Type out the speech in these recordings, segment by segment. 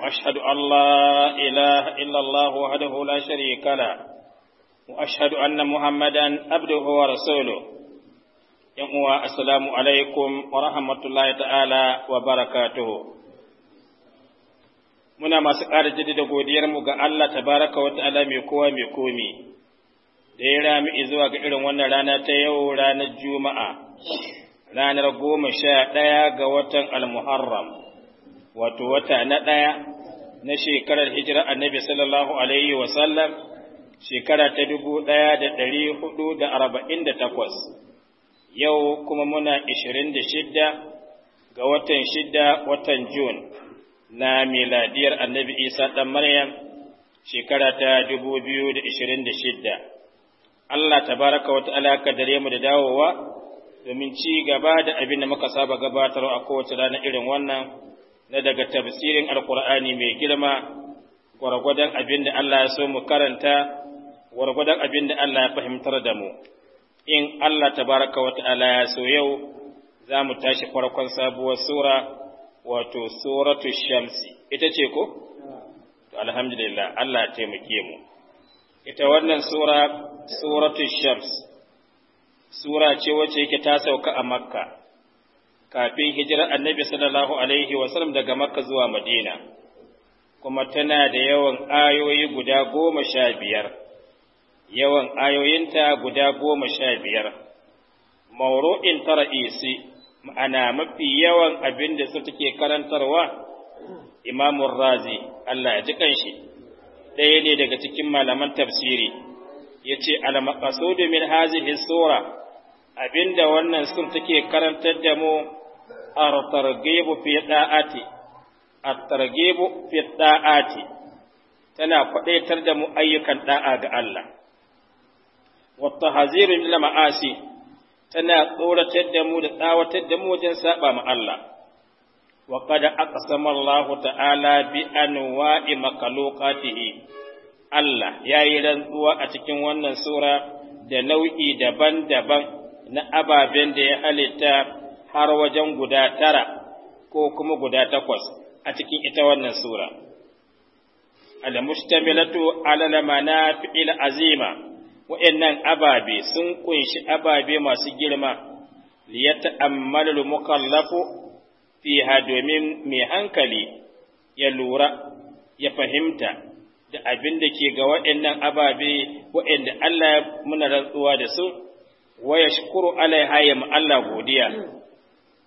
وأشهد أن لا إله إلا الله وحده لا شريك له وأشهد أن محمدا عبده ورسوله يقوى السلام عليكم ورحمة الله تعالى وبركاته muna masu ƙara jaddada godiyarmu ga Allah tabaraka wa ta'ala mai kowa mai da ya rami zuwa ga irin wannan rana ta yau ranar juma'a ranar goma sha ɗaya ga watan al-muharram. wato wata na ɗaya na shekarar hijira annabi sallallahu alaihi wasallam shekara ta dubu ɗaya da ɗari hudu da arba'in da takwas yau kuma muna ishirin da shidda ga watan shidda watan Jun na miladiyar annabi Isa ɗan Maryam shekara ta dubu biyu da ishirin da shidda. Allah ta baraka wata alaka dare mu da dawowa domin ci gaba da abin da muka saba gabatarwa a kowace rana irin wannan na daga tafsirin alkur'ani mai girma gwargwadon abin da Allah ya so mu karanta gwargwadon abin da Allah ya fahimtar da mu in Allah tabaraka wa ta'ala ya so yau za mu tashi farkon sabuwar sura wato suratu shamsi ita ce ko alhamdulillah Allah ya taimake mu ita wannan sura suratu shams sura ce wacce yake ta sauka a makka kafin hijirar annabi sallallahu alaihi wasallam daga makka zuwa madina kuma tana da yawan ayoyi guda goma sha biyar yawan ayoyinta guda goma sha biyar mauru'in ta ra'isi ma'ana mafi yawan abin da su take karantarwa imamun razi Allah ya ji kanshi ɗaya ne daga cikin malaman tafsiri ya ce al-maqasudu min hazihi sura abinda wannan sun take karantar da mu a targhibu fi da'ati at-targhibu fi da'ati tana kwadaitar da mu ayyukan da'a ga Allah wa tahziru min ma'asi tana tsoratar da mu da tsawatar da mu wajen saba ma Allah wa qad aqsama Allah ta'ala bi anwa'i makalukatihi Allah yayi rantsuwa a cikin wannan sura da nau'i daban-daban na ababen da ya halitta har wajen guda tara ko kuma guda takwas a cikin ita wannan sura. al na ala manafi'il azima nan ababe sun kunshi ababe masu girma liyata'ammalul mukallafu fiha domin mai hankali ya lura ya fahimta da abin da ke ga nan ababe da Allah muna rantsuwa da su ويشكر عليها يم الله Allah godiya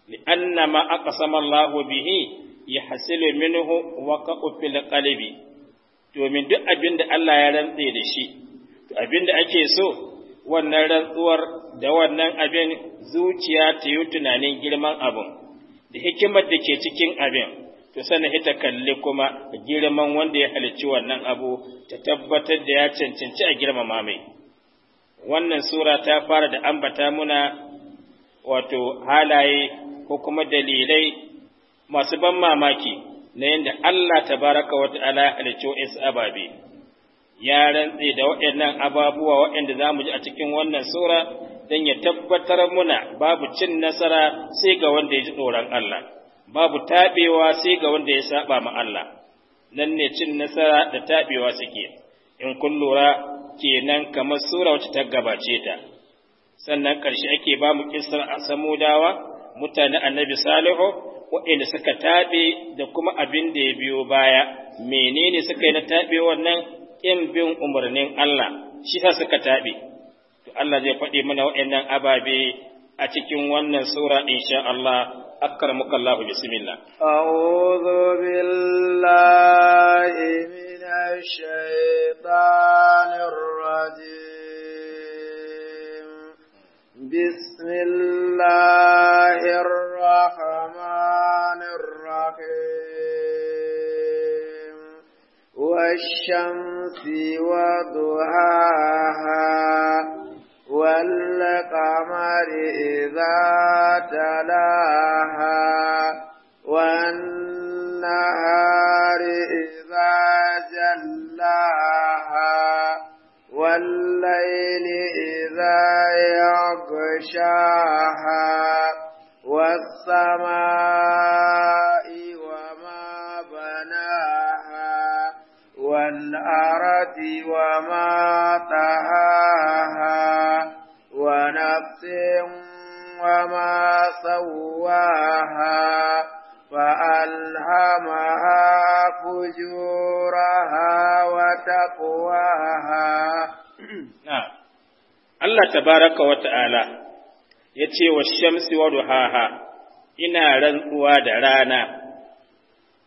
ما mm. ma الله به يحصل منه minhu waqa'u fil qalbi domin duk abin da Allah ya rantse da shi to abin da ake so wannan rantsuwar da wannan abin zuciya ta yi tunanin girman abin da hikimar da ke cikin abin to sana ita kalli kuma girman wanda ya halicci wannan abu ta tabbatar da ya cancanci a girmama mai wannan sura ta fara da ambata muna wato halaye ko kuma dalilai masu ban mamaki na yadda Allah ta wa ta'ala halicci wa'insu ababe, ya rantse da waɗannan ababuwa waɗanda za mu ji a cikin wannan sura don ya tabbatar muna babu cin nasara sai ga wanda ya ji tsoron Allah, babu taɓewa sai ga wanda ya saɓa ma Allah, nan ne cin nasara da taɓewa suke. in kun lura kenan kamar sura wacce ta gabace ta sannan ƙarshe ake ba mu kissar a samudawa mutane annabi salihu waɗanda suka taɓe da kuma abin da ya biyo baya menene suka yi na taɓe wannan ƙin bin umarnin Allah shi sa suka taɓe to Allah zai faɗi mana waɗannan ababe a cikin wannan sura insha Allah muka Allah bismillah a'udhu billahi الشيطان الرجيم بسم الله الرحمن الرحيم والشمس وضحاها والقمر إذا تلاها والنهار إذا جلاها والليل إذا يغشاها والسماء وما بناها والأرض وما طهاها ونفس وما سواها فألهمها فجورها وتقواها Allah tabaraka wa ta'ala ya ce wa shamsi wa duhaha ina rantsuwa da rana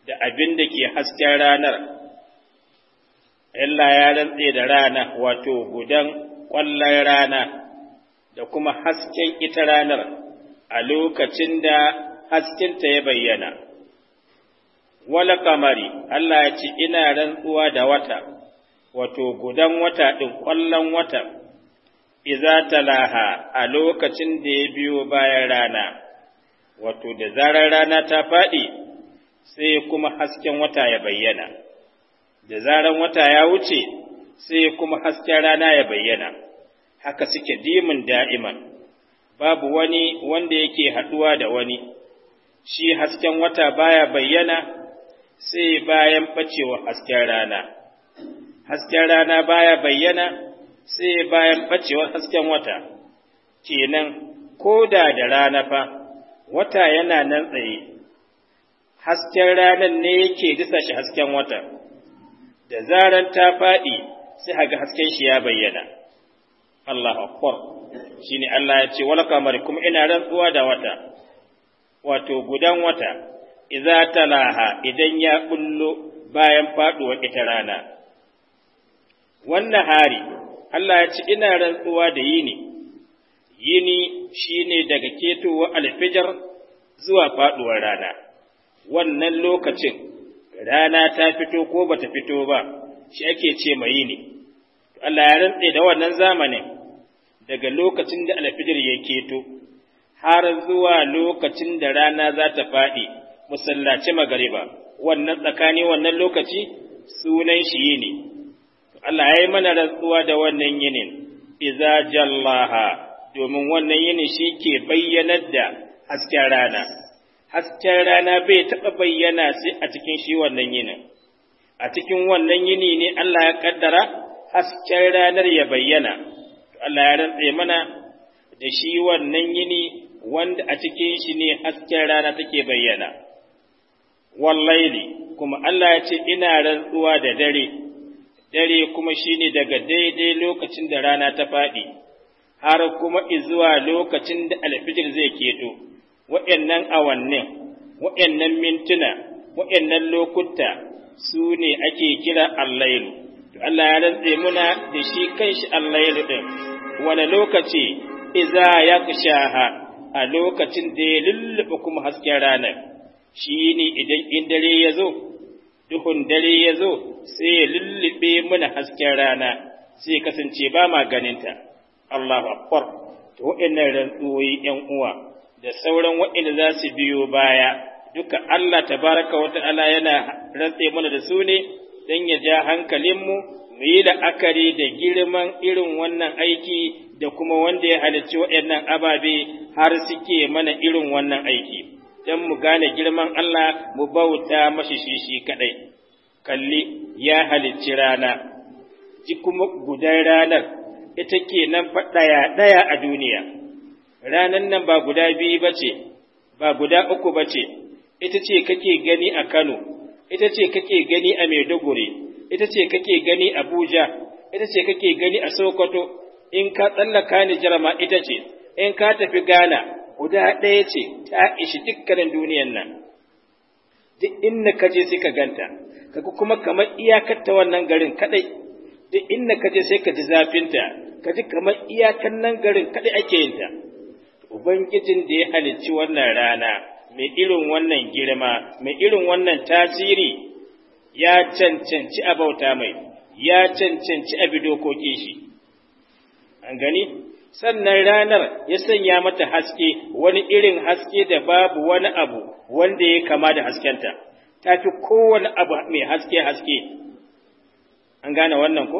da abin da ke hasken ranar, Allah ya rantse da rana wato gudan ƙwallon rana da kuma hasken ita ranar a lokacin da haskinta ya bayyana. Wala kamari, Allah ya ce, ina rantsuwa da wata, wato gudan wata ɗin ƙwallon wata, iza talaha a lokacin da ya biyo bayan rana, wato da zarar rana ta faɗi, sai kuma hasken wata ya bayyana. Da zarar wata ya wuce, sai kuma hasken rana ya bayyana, haka suke dimin da'iman, babu wani wanda yake haɗuwa da wani. shi hasken wata baya bayyana sai bayan ɓacewa hasken rana, hasken rana baya bayyana sai bayan ɓacewa hasken wata, kenan ko da da rana fa, wata yana nan tsaye, hasken ranan ne yake disa shi hasken wata, da zaran ta faɗi sai haga hasken shi ya bayyana. Allah shi ne Allah ya ce, Wala kamar kuma ina rantsuwa da wata. wato gudan wata idza talaha idan ya kullo bayan faduwar ita rana wannan hari Allah ya ci ina rantsuwa da yini yini shine daga ketowa alfijar zuwa faɗuwar rana wannan lokacin rana ta fito ko bata fito ba shi ake ce mai yini Allah ya rantse da wannan zamanin daga lokacin da alfijar ya keto har zuwa lokacin da rana za ta faɗi musallaci magariba wannan tsakani wannan lokaci sunan shi ne. Allah ya yi mana rantsuwa da wannan yinin iza jallaha domin wannan yinin shi ke bayyanar da hasken rana hasken rana bai taɓa bayyana sai a cikin shi wannan yinin a cikin wannan yini ne Allah ya kaddara hasken ranar ya bayyana Allah ya rantse mana da shi wannan yini wanda a cikin shi ne hasken rana take bayyana, wallaili kuma Allah ya ce ina rantsuwa da dare, dare kuma shi ne daga daidai lokacin da rana ta faɗi, har kuma izuwa lokacin da alfijir zai keto, wa'yannan awannin, wa'yannan mintuna, wa'yannan lokuta su ne ake kira allailu. Allah ya rantse muna da shi kanshi allailu ɗin, wane lokaci iza ya a lokacin da ya lullube kuma hasken rana, shi ne idan in dare ya zo duhun dare ya zo sai ya lullube mana hasken rana sai kasance ba ma ganinta Allahu akbar to waɗannan rantsuwoyi 'yan uwa da sauran waɗanda za su biyo baya duka Allah tabaraka wata ala yana rantse mana da su ne dan ya ja hankalinmu mu yi la'akari da girman irin wannan aiki da kuma wanda ya halicci waɗannan ababe har suke mana irin wannan aiki, don mu gane girman Allah mu bauta mashi shi kaɗai, kalli ya halicci rana, ji kuma gudan ranar ita ke nan faɗaya ɗaya a duniya, ranan nan ba guda biyu ba ce, ba guda uku ba ce, ita ce kake gani a Kano, ita ce kake gani a Maiduguri. ita ce kake gani Abuja, ita ce kake gani a Sokoto, in ka tsallaka ni ma ita ce, in ka tafi Ghana, guda ɗaya ce ta ishi dukkanin duniyan nan. Duk inda ka je sai ka ganta, ka kuma kamar iyakar ta wannan garin kaɗai, duk inda ka je sai ka ji zafinta, ka ji kamar iyakar nan garin kaɗai ake yin ta. Ubangijin da ya halicci wannan rana, mai irin wannan girma, mai irin wannan tasiri, ya cancanci a bauta mai ya cancanci a dokoki shi an gani sannan ranar ya sanya mata haske wani irin haske da babu wani abu wanda ya kama da haskenta ta fi kowane abu mai haske haske an gane wannan ko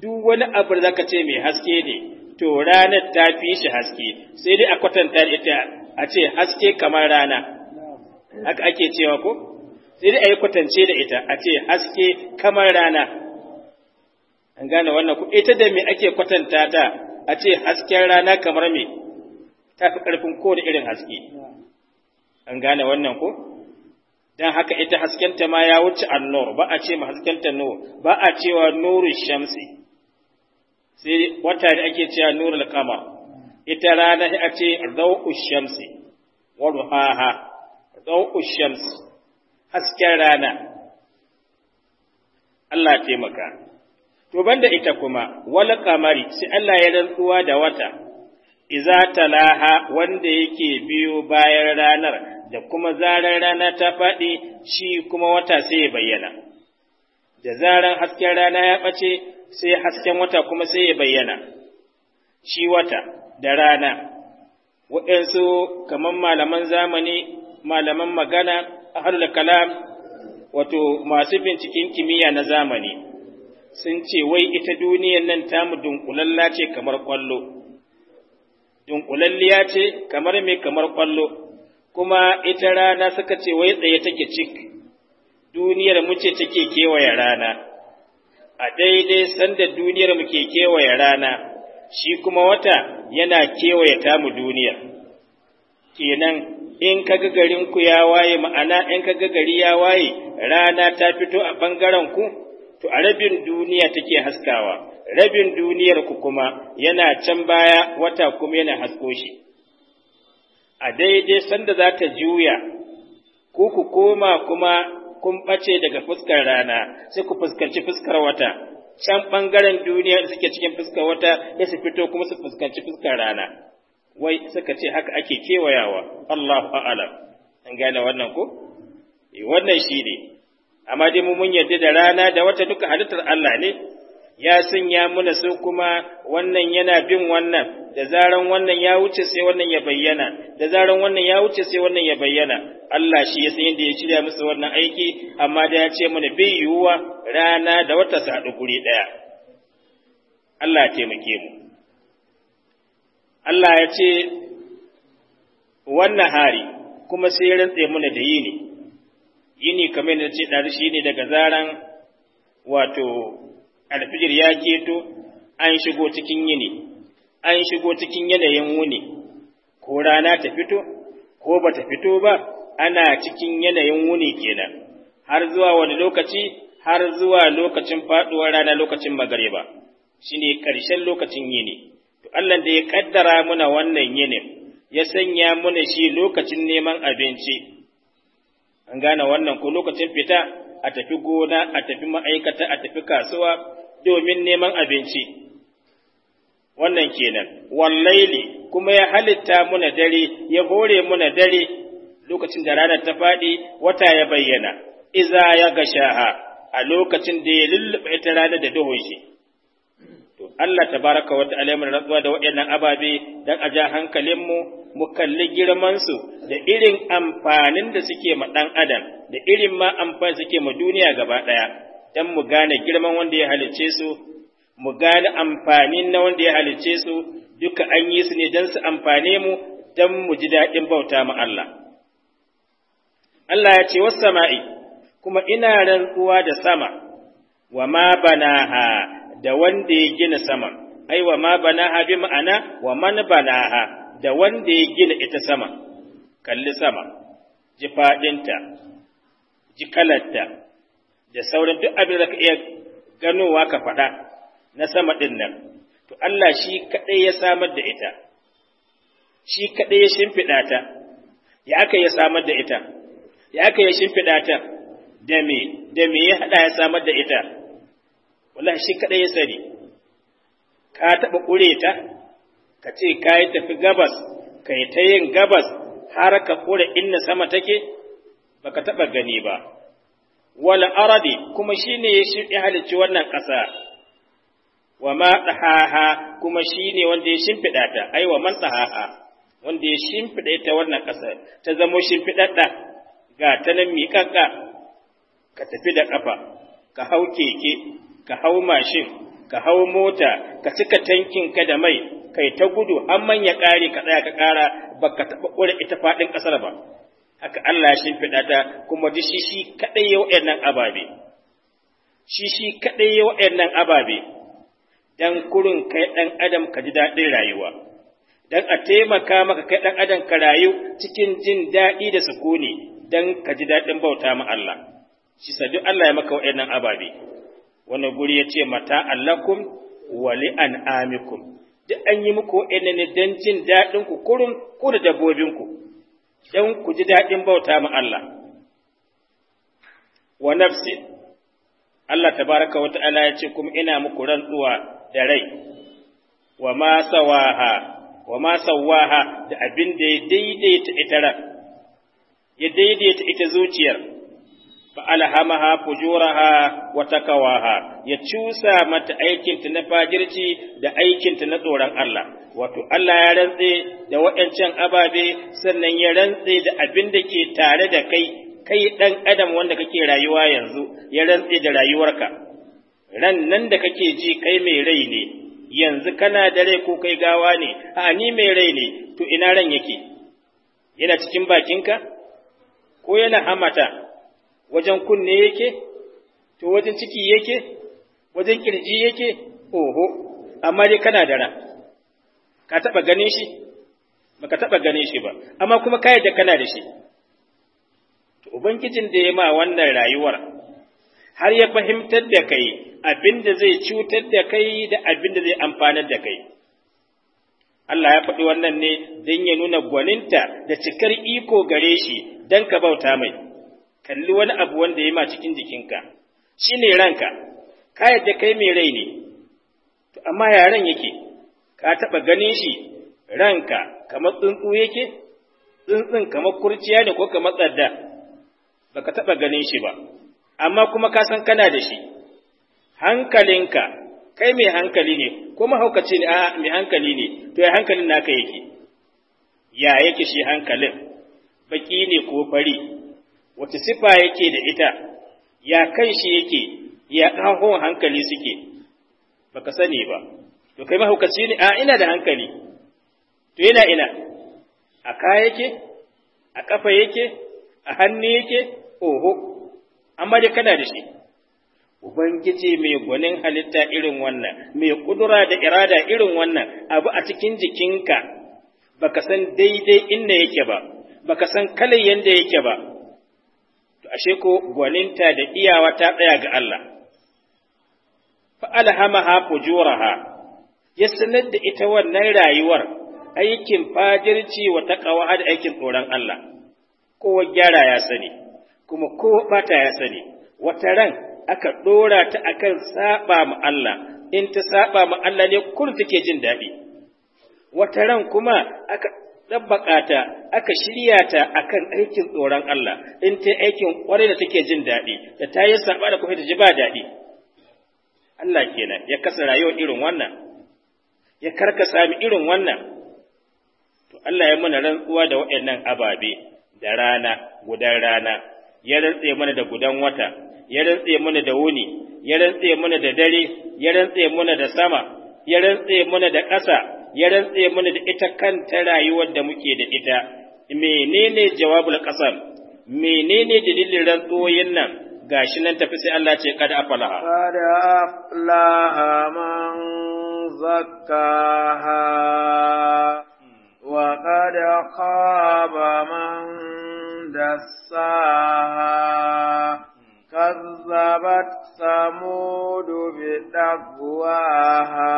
duk wani abu da zaka ce mai haske ne to ranar ta fi shi haske sai dai a kwatanta ita a ce haske kamar rana haka ake cewa ko sai dai a yi kwatance da ita a ce haske kamar rana an gane wannan ku ita da me ake kwatanta ta a ce hasken rana kamar me ta fi ƙarfin kowane irin haske an gane wannan ku. dan haka ita haskenta ma ya wuce annur ba a ce ma haskenta nur ba a cewa nuru shamsi sai wata da ake cewa nuru kama. ita rana a ce dawu shamsi wa ruhaha dawu shamsi hasken rana Allah taimaka to banda ita kuma wal kamari sai Allah ya rantsuwa da wata iza talaha wanda yake biyo bayan ranar da kuma zarar rana ta faɗi shi kuma wata sai ya bayyana da zarar hasken rana ya ɓace sai hasken wata kuma sai ya bayyana shi wata da rana waɗansu kamar malaman zamani malaman magana ahlul kalam wato masu binciken kimiyya na zamani sun ce wai ita duniyar nan tamu dunkulalla ce kamar kwallo dunkulalliya ce kamar mai kamar kwallo kuma ita rana suka ce wai tsaye take cik duniyar mu ce take kewaye rana a daidai sanda duniyar mu ke kewaye rana shi kuma wata yana kewaye tamu duniyar kenan in kaga garin ku ya waye ma'ana in kaga gari ya waye rana ta fito a bangaren ku to a rabin duniya take haskawa rabin duniyar ku kuma yana can baya wata kuma yana hasko shi a daidai sanda za ta juya ku ku koma kuma kun ɓace daga fuskar rana sai ku fuskanci fuskar wata can bangaren duniya suke cikin fuskar wata ya su fito kuma su fuskanci fuskar rana wai suka ce haka ake kewayawa Allahu a'lam an gane wannan ko eh, wannan shine amma dai mu mun yarda da rana da wata duka halittar Allah ne ya sanya muna su kuma wannan yana bin wannan da zaran wannan ya wuce sai wannan ya bayyana da zaran wannan ya wuce sai wannan ya bayyana Allah shi ya san yadda ya shirya musu wannan aiki amma da ya ce mana bai yiwuwa rana da wata sadu guri ɗaya. Allah ya taimake mu Allah ya ce wannan hari kuma sai ya rantse muna da yini yini kamar da ce ɗari shi ne daga zaran wato alfijir ya keto an shigo cikin yini an shigo cikin yanayin wuni ko rana ta fito ko ba ta fito ba ana cikin yanayin wuni kenan har zuwa wani lokaci har zuwa lokacin faɗuwar rana lokacin magariba shine ƙarshen lokacin yini Allah da ya kaddara muna wannan yinin, ya sanya muna shi lokacin neman abinci, an gane wannan ko lokacin fita a tafi gona, a tafi ma'aikata, a tafi kasuwa domin neman abinci. Wannan kenan, wallaili kuma ya halitta muna dare, ya hore muna dare lokacin da ranar ta faɗi wata ya bayyana, iza ya shaha, a lokacin da ya lullube ita ranar da duhun shi. to Allah tabaraka wa ta'ala mun ratsuwa da waɗannan ababe dan a ja hankalin mu mu kalli girman su da irin amfanin da suke ma dan adam da irin ma amfani suke ma duniya gaba ɗaya, dan mu gane girman wanda ya halicce su mu gane amfanin na wanda ya halicce su duka an yi su ne dan su amfane mu dan mu ji daɗin bauta ma Allah Allah ya ce wasu sama'i kuma ina rantsuwa da sama wa ma banaha da wanda ya gina sama aiwa wa ma banaha bi ma'ana wa man banaha da wanda ya gina ita sama kalli sama ji faɗinta, ji kalarta da sauran duk abin da ka iya ganowa ka faɗa na sama ɗin nan to Allah shi kaɗai ya samar da ita shi kaɗai ya shimfiɗa ta ya aka ya samar da ita ya aka ya shimfiɗa ta da me da me ya haɗa ya samar da ita wallahi shi kaɗai ya sani ka taɓa ƙure ta ka ce ka yi tafi gabas ka yi ta yin gabas har ka ƙure inna sama take baka taɓa gani ba wala aradi kuma shine ya halicci wannan ƙasa wa ma tsahaha kuma shine wanda ya shimfiɗa ta ai wa man tsahaha wanda ya shimfiɗa ita wannan ƙasa ta zamo shimfiɗaɗɗa ga ta nan miƙaƙƙa ka tafi da ƙafa ka hau keke ka hau mashin ka hau mota ka cika tankin ka da mai kai ta gudu an manya ƙari ka tsaya ka ƙara baka taɓa ƙure ita faɗin ƙasar ba haka Allah ya shimfiɗa ta kuma ji shi shi kaɗai ya waɗannan ababe shi shi kaɗai ya waɗannan ababe dan kurin kai ɗan adam ka ji daɗin rayuwa dan a taimaka maka kai ɗan adam ka rayu cikin jin daɗi da sukuni dan ka ji daɗin bauta ma Allah shi sa duk Allah ya maka waɗannan ababe wani guri ya ce mata allakum wali an amikum duk an yi muku ne don jin daɗin ku kurin ku da dabbobinku don ku ji daɗin bauta ma Allah wa nafsi Allah ta wa ta'ala ya ce kuma ina muku rantsuwa da rai wa ma sawaha wa ma sawaha da abin da ya daidaita ita ya daidaita ita zuciyar fa'alhamaha fujuraha wa takawaha ya cusa mata aikinta na fajirci da aikinta na tsoron Allah wato Allah ya rantse da waɗancan ababe sannan ya rantse da abin da ke tare da kai kai ɗan adam wanda kake rayuwa yanzu ya rantse da rayuwarka ran nan da kake ji kai mai rai ne yanzu kana da rai ko kai gawa ne a ni mai rai ne to ina ran yake yana cikin bakinka ko yana hamata wajen kunne yake to wajen ciki yake wajen kirji yake oho amma dai kana da ka taɓa ganin shi ba ka taɓa ganin shi ba amma kuma ka yadda kana da shi to ubangijin da ya ma wannan rayuwar har ya fahimtar da kai abin da zai cutar da kai da abin da zai amfanar da kai Allah ya faɗi wannan ne don ya nuna gwaninta da cikar iko gare shi don ka bauta mai. kalli wani abu wanda ya ma cikin jikinka shi ne ranka ka yadda kai mai rai ne amma yaren yake ka taɓa ganin shi ranka kamar tsuntsu yake tsuntsun kamar kurciya ne ko kamar tsadda baka taɓa ganin shi ba amma kuma ka san kana da shi hankalinka kai mai hankali ne ko mahaukaci ne a mai hankali ne to ya hankalin naka yake ya yake shi hankalin baki ne ko fari wace sifa yake da ita ya shi yake ya ƙahon hankali suke baka sani ba to kai mahaukaci ne a ina da hankali to yana ina a ka yake a ƙafa yake a hannu yake oho amma dai kana da shi Ubangiji mai gwanin halitta irin wannan, mai ƙudura da irada irin wannan, abu a cikin jikinka, baka san daidai inda yake ba, baka san kalar yadda yake ba, to ashe ko gwaninta da iyawa ta tsaya ga Allah fa alhamaha fujuraha ya sanar da ita wannan rayuwar aikin fajirci wa taqwa da aikin tsoron Allah kowa gyara ya sani kuma kowa bata ya sani wata ran aka ɗora ta akan saɓa mu Allah in ta saba ma Allah ne kur take jin daɗi wata ran kuma aka ɗabbaƙa ta aka shirya ta akan aikin tsoron Allah in ta aikin kwarai da take jin daɗi da ta yi saɓa da kuma ta ji ba daɗi Allah kenan ya kasa rayuwar irin wannan ya karkasa sami irin wannan to Allah ya mana rantsuwa da waɗannan ababe da rana gudan rana ya rantse mana da gudan wata ya rantse mana da wuni ya rantse mana da dare ya rantse mana da sama ya rantse mana da ƙasa ya rantse mana da ita kanta rayuwar da muke da ita menene jawabul qasam menene dalilin rantsoyin nan gashi nan tafi sai Allah ce kada afalaha kada aflaha man zakkaha wa qad khaba man dassaha كذبت ثمود بدعواها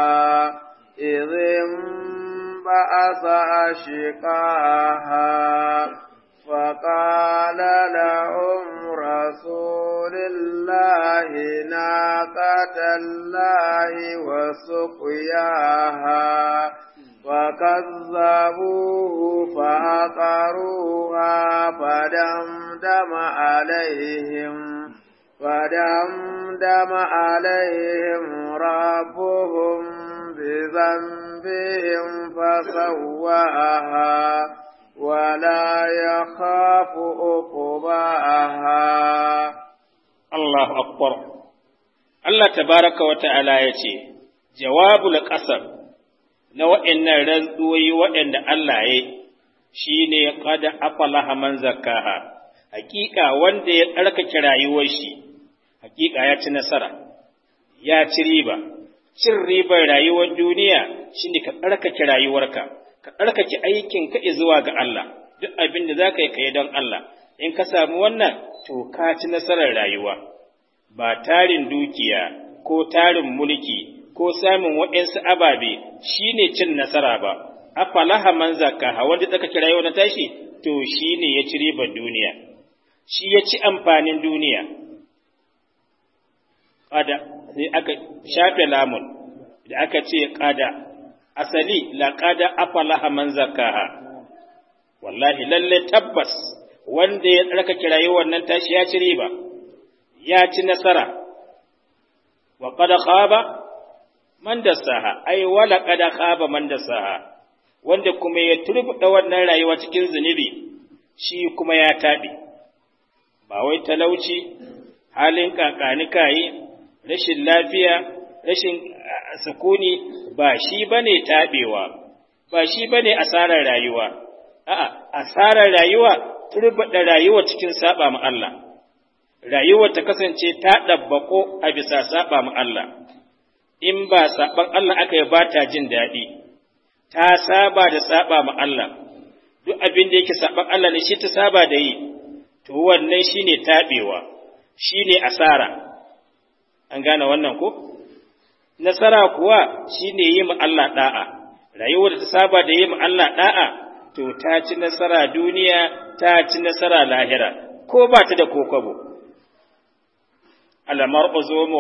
الناس أشقاها فقال لهم رسول الله ناقة الله وسقياها فكذبوه فعقروها فدمدم عليه جواءها ولا يخاف أقباءها الله أكبر الله تبارك وتعالى يتي جواب القسم na waɗannan rantsuwoyi waɗanda Allah ya shi ne afalaha man zakaha, hakika wanda ya tsarkake rayuwar shi, hakika ya ci nasara, ya ci riba, cin ribar rayuwar duniya shi ne ka tsarkake rayuwarka, ka ɗarkake aikin ka zuwa ga Allah duk abin da za ka yi ka don Allah in ka samu wannan to ka ci nasarar rayuwa ba tarin dukiya ko tarin mulki ko samun waɗansu ababe shi ne cin nasara ba a falaha man zakaha wanda tsaka kira na tashi to shi ne ya ci ribar duniya shi ya ci amfanin duniya kada sai aka shafe lamun da aka ce ƙada. asali laƙada afalaha man zakaha wallahi lalle tabbas wanda ya tsarkake rayuwar nan tashi ya ci riba ya ci nasara wa qad khaba man dasaha ay wala qad khaba man dasaha wanda kuma ya turbuɗa wannan rayuwa cikin zunubi shi kuma ya taɗe ba wai talauci halin kankani kayi rashin lafiya rashin sukuni ba shi bane tabewa ba shi bane asarar rayuwa a'a asarar rayuwa turbada rayuwa cikin saba mu Allah rayuwar ta kasance ta dabbako a bisa saba mu Allah in ba saban Allah aka yi ba ta jin daɗi ta saba da saba mu Allah duk abin da yake saban Allah ne shi ta saba da yi to wannan shine tabewa shine asara an gane wannan ko nasara kuwa shine yin Allah ɗa'a, rayuwar ta saba da yin Allah ɗa'a, to ta ci nasara duniya ta ci nasara lahira ko ba ta da kokobo almar uzumu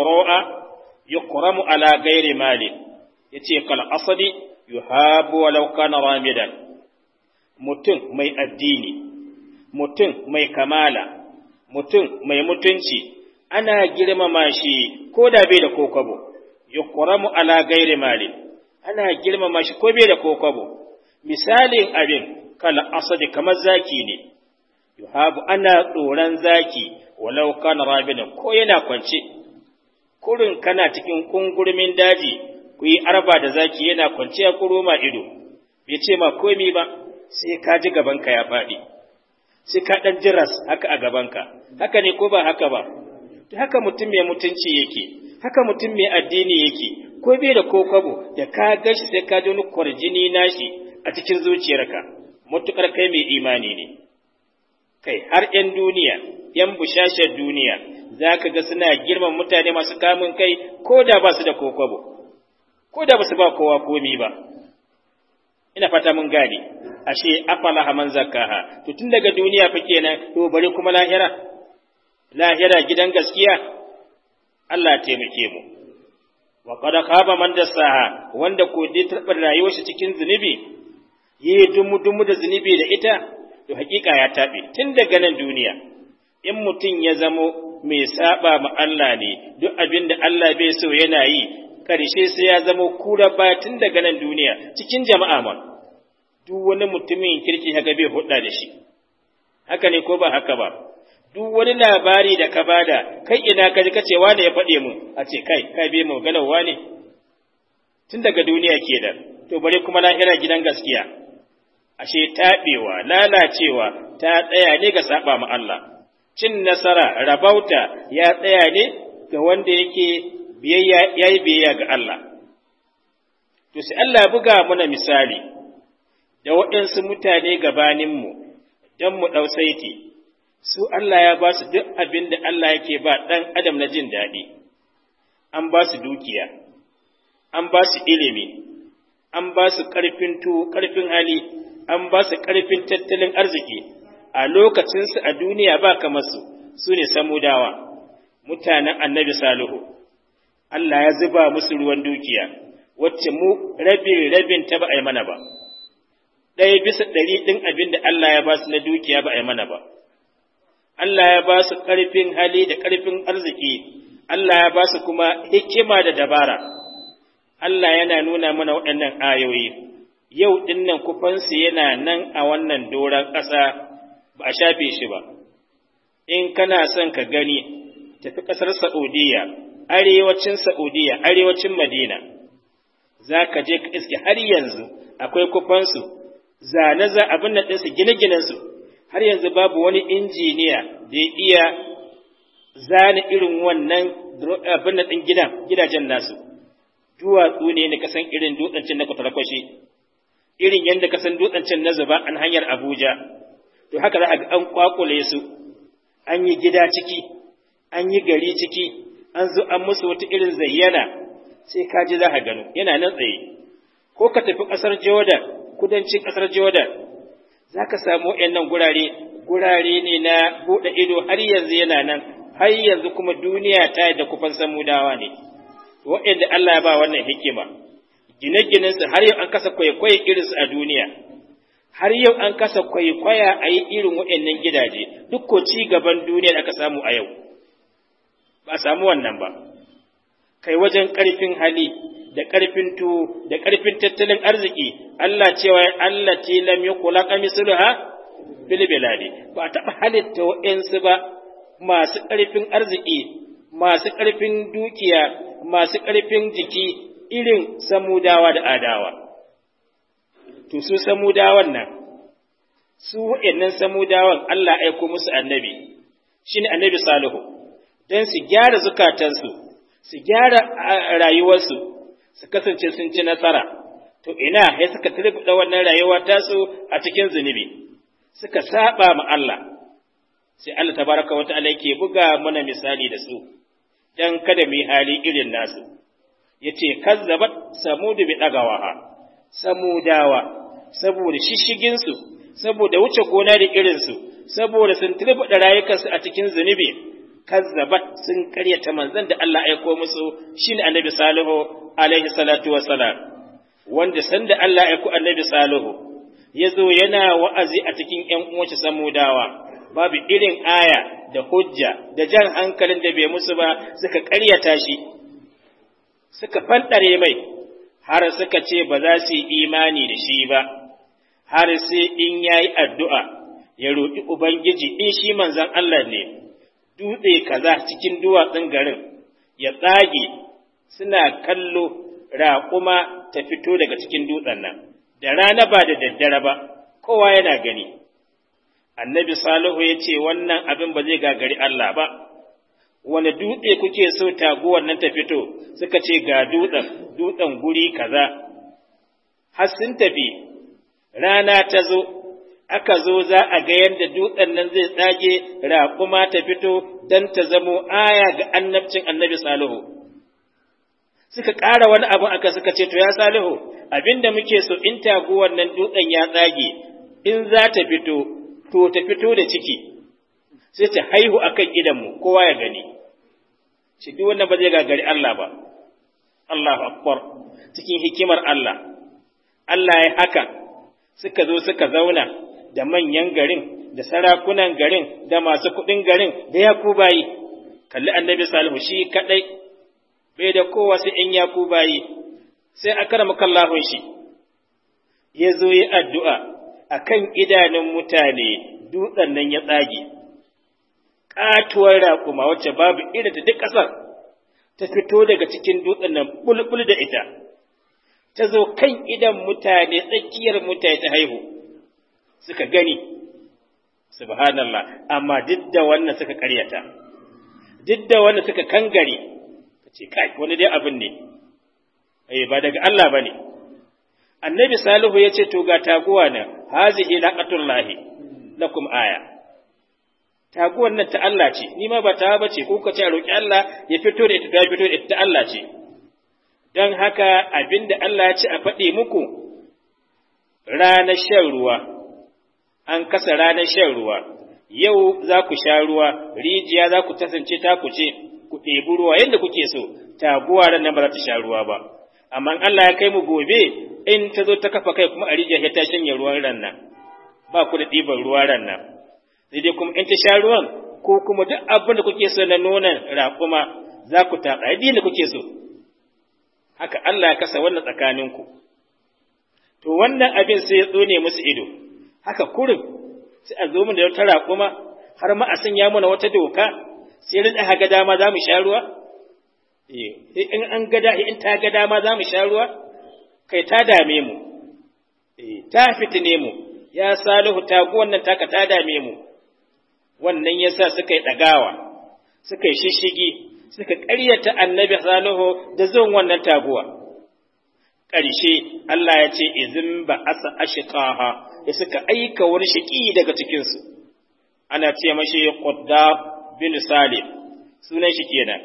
kura mu ala gairi mali yace kal asali yuhabu walau ramidan mutum mai addini mutum mai kamala mutum mai mutunci ana girmama shi ko da bai da kokobo yukramu ala ghairi mali ana girmama shi ko bai da kwabo. misalin abin kala asadi kamar zaki ne yuhabu ana tsoron zaki walau kana rabina ko yana kwance kurin kana cikin kungurmin daji ku yi arba da zaki yana kwance a kuro ido bai ce ma komi ba sai ka ji gabanka ya faɗi sai ka ɗan jiras haka a gabanka haka ne ko ba haka ba haka mutum mai mutunci yake haka mutum mai addini yake ko bai da ko kwabo da ka gashi sai ka ji wani kwarjini nashi a cikin zuciyarka matukar kai mai imani ne kai har 'yan duniya 'yan bushashar duniya za ka ga suna girman mutane masu kamun kai ko da ba su da ko ko da ba su ba kowa komi ba ina fata mun gane ashe afala man zakaha to tun daga duniya fa kenan to bari kuma lahira lahira gidan gaskiya Allah taimake mu wa qad khaba man dassaha wanda ko dai tarba rayuwar shi cikin zunubi yayi dumu dumu da zunubi da ita to hakika ya tabe tun daga nan duniya in mutum ya zamo mai saba ma Allah ne duk abin da Allah bai so yana yi karshe sai ya zamo kura ba tun daga nan duniya cikin jama'a ma duk wani mutumin kirki haka bai hudda da shi haka ne ko ba haka ba duk wani labari da ka bada kai ina ka ji kace wane ya faɗe mu a ce kai kai bai mu galau wane tun daga duniya ke da to bari kuma lahira gidan gaskiya ashe taɓewa lalacewa ta tsaya ne ga saɓa ma Allah cin nasara rabauta ya tsaya ne ga wanda yake biyayya yayi biyayya ga Allah to sai Allah buga mana misali da waɗansu mutane gabaninmu don mu ɗau saiti su Allah ya ba su duk abin da Allah yake ba ɗan adam na jin daɗi, an ba su dukiya, an ba su ilimi, an ba su ƙarfin tuwo, ƙarfin hali, an ba su ƙarfin tattalin arziki, a lokacinsu a duniya ba kamarsu, su, su ne samudawa, mutanen annabi Salihu. Allah ya zuba musu ruwan dukiya, wacce mu rabin rabin ta ba a yi mana ba, ɗaya bisa ɗari ɗin abinda Allah ya ba su na dukiya ba a yi mana ba. Allah ya ba su ƙarfin hali da ƙarfin arziki, Allah ya ba su kuma hikima da dabara. Allah yana nuna mana waɗannan ayoyi, yau ɗin nan kufansu yana nan a wannan doron ƙasa ba a shafe shi ba. In kana son ka gani, tafi ƙasar Sa'udiyya, arewacin Sa'udiyya, arewacin Madina, za ka je ka iske har yanzu akwai kufansu, zane za abin nan ɗinsu gine-ginensu. har yanzu babu wani injiniya da ya iya zana irin wannan abin ɗin gidan gidajen nasu duwatsu ne na kasan irin dutsen na kwatarkwashi irin yadda kasan dutsen na zuba an hanyar abuja to haka za a ga an kwakule su an yi gida ciki an yi gari ciki an zo an musu wata irin zayyana sai ka ji za a gano yana nan tsaye ko ka tafi ƙasar jordan kudancin ƙasar jordan za ka samu nan gurare gurare ne na buɗe ido har yanzu yana nan har yanzu kuma duniya ta da kufan samu dawa ne wayanda Allah ba wannan hikima gine-ginensu har yau an kasa kwaikwayo irinsu a duniya har yau an kasa kwaikwaya a yi irin wayannan gidaje duk ko ci gaban duniya da aka samu a yau ba a samu wannan ba kai wajen ƙarfin hali da ƙarfin tuwo da ƙarfin tattalin arziki Allah cewa Allah ce lam yukula qamisluha bil biladi ba a taɓa halitta wa'ansu ba masu ƙarfin arziki masu ƙarfin dukiya masu ƙarfin jiki irin samudawa da adawa to su samudawan nan su wa'annan samudawan Allah aiko musu annabi shine annabi salihu dan su gyara zukatansu su gyara rayuwarsu su kasance sun ci nasara to ina ya suka da wannan rayuwa tasu a cikin zunubi suka saba ma Allah sai Allah tabaraka wata'ala yake buga mana misali da su dan kada mu yi hali irin nasu yace kazzabat samud bi dagawaha samudawa saboda shishigin su saboda wuce gona da irin su saboda sun da rayukansu a cikin zunubi kazzabat sun karyata manzon da Allah aiko musu shine annabi salihu alaihi salatu wassalam wanda sanda Allah aiko annabi salihu zo yana wa'azi a cikin ƴan uwansa samudawa babu irin aya da hujja da jan hankalin da bai musu ba suka karyata shi suka fanɗare mai har suka ce ba za su yi imani da shi ba har sai in yayi addu'a ya roƙi ubangiji in shi manzon Allah ne dutse kaza cikin duwatsun garin ya tsage suna kallo raƙuma ta fito daga cikin dutsen nan da rana ba da daddare ba kowa yana gani annabi salihu ya ce wannan abin ba zai gagari Allah ba wani dutse kuke so taguwar nan ta fito suka ce ga dutsen dutsen guri kaza har sun tafi rana ta zo aka zo za a ga yadda dutsen nan zai tsage raƙuma ta fito dan ta zamo aya ga annabcin annabi Salihu. Suka ƙara wani abin aka suka ce, To, ya Salihu, Abinda muke so in taguwar nan dutsen ya tsage, in za ta fito, to ta fito da ciki, sai ta haihu a kan gidanmu, kowa ya gani. Shi duk wannan ba zai gagari Allah ba, Allahu Akbar, cikin hikimar Allah, Allah ya haka, suka zo suka zauna, da manyan garin da sarakunan garin da masu kuɗin garin da yakubayi kalli annabi salihu shi kadai. bai da kowa sai in yakubayi sai akarama kallahun shi ya zo yi addu'a A kan idanun mutane dutsen nan ya tsage ƙatuwar raƙuma wacce babu irin ta duk ƙasar ta fito daga cikin dutsen nan bulbul da ita ta zo kan idan mutane tsakiyar mutane ta haihu suka gani subhanallah amma duk da wannan suka karyata duk da wannan suka kangare ce kai wani dai abin ne eh ba daga Allah bane annabi salihu yace to ga taguwa na hazihi na lakum aya taguwan nan ta Allah ce ni ma ba ta ce, ko kace a roki Allah ya fito da ita ta fito da ita ta Allah ce dan haka abinda Allah ya ce a faɗi muku ranar shan ruwa an kasa ranar shan ruwa, yau za ku sha ruwa, rijiya za ku tasance ta ku ce, ku ɗebi ruwa yadda kuke so, Ta ran ranar ba za ta sha ruwa ba. Amma Allah ya kai mu gobe in ta zo ta kafa kai kuma a rijiya ta shanye ruwan ranna. ba ku da ɗiban ruwa ranna. nan. Sai dai kuma in ta sha ruwan ko kuma duk abin da kuke so na nonon raƙuma za ku taɓa yadda kuke so. Haka Allah ya kasa wannan tsakaninku. To wannan abin sai ya tsone musu ido. haka kurin sai a zo mun da wata raƙuma har ma a sanya mana wata doka sai rin ɗaha ga dama za mu sha ruwa eh, in an gada in ta ga dama za mu sha ruwa kai ta dame mu eh, ta fitine mu ya salihu ta wannan taka ta dame mu wannan yasa suka yi ɗagawa suka yi shishigi suka ƙaryata annabi salihu da zuwan wannan taguwa ƙarshe Allah ya ce izin ba asa ashiqaha ya suka aika wani shaki daga cikinsu ana ce mashi Qudda bin Salim sunan shi kenan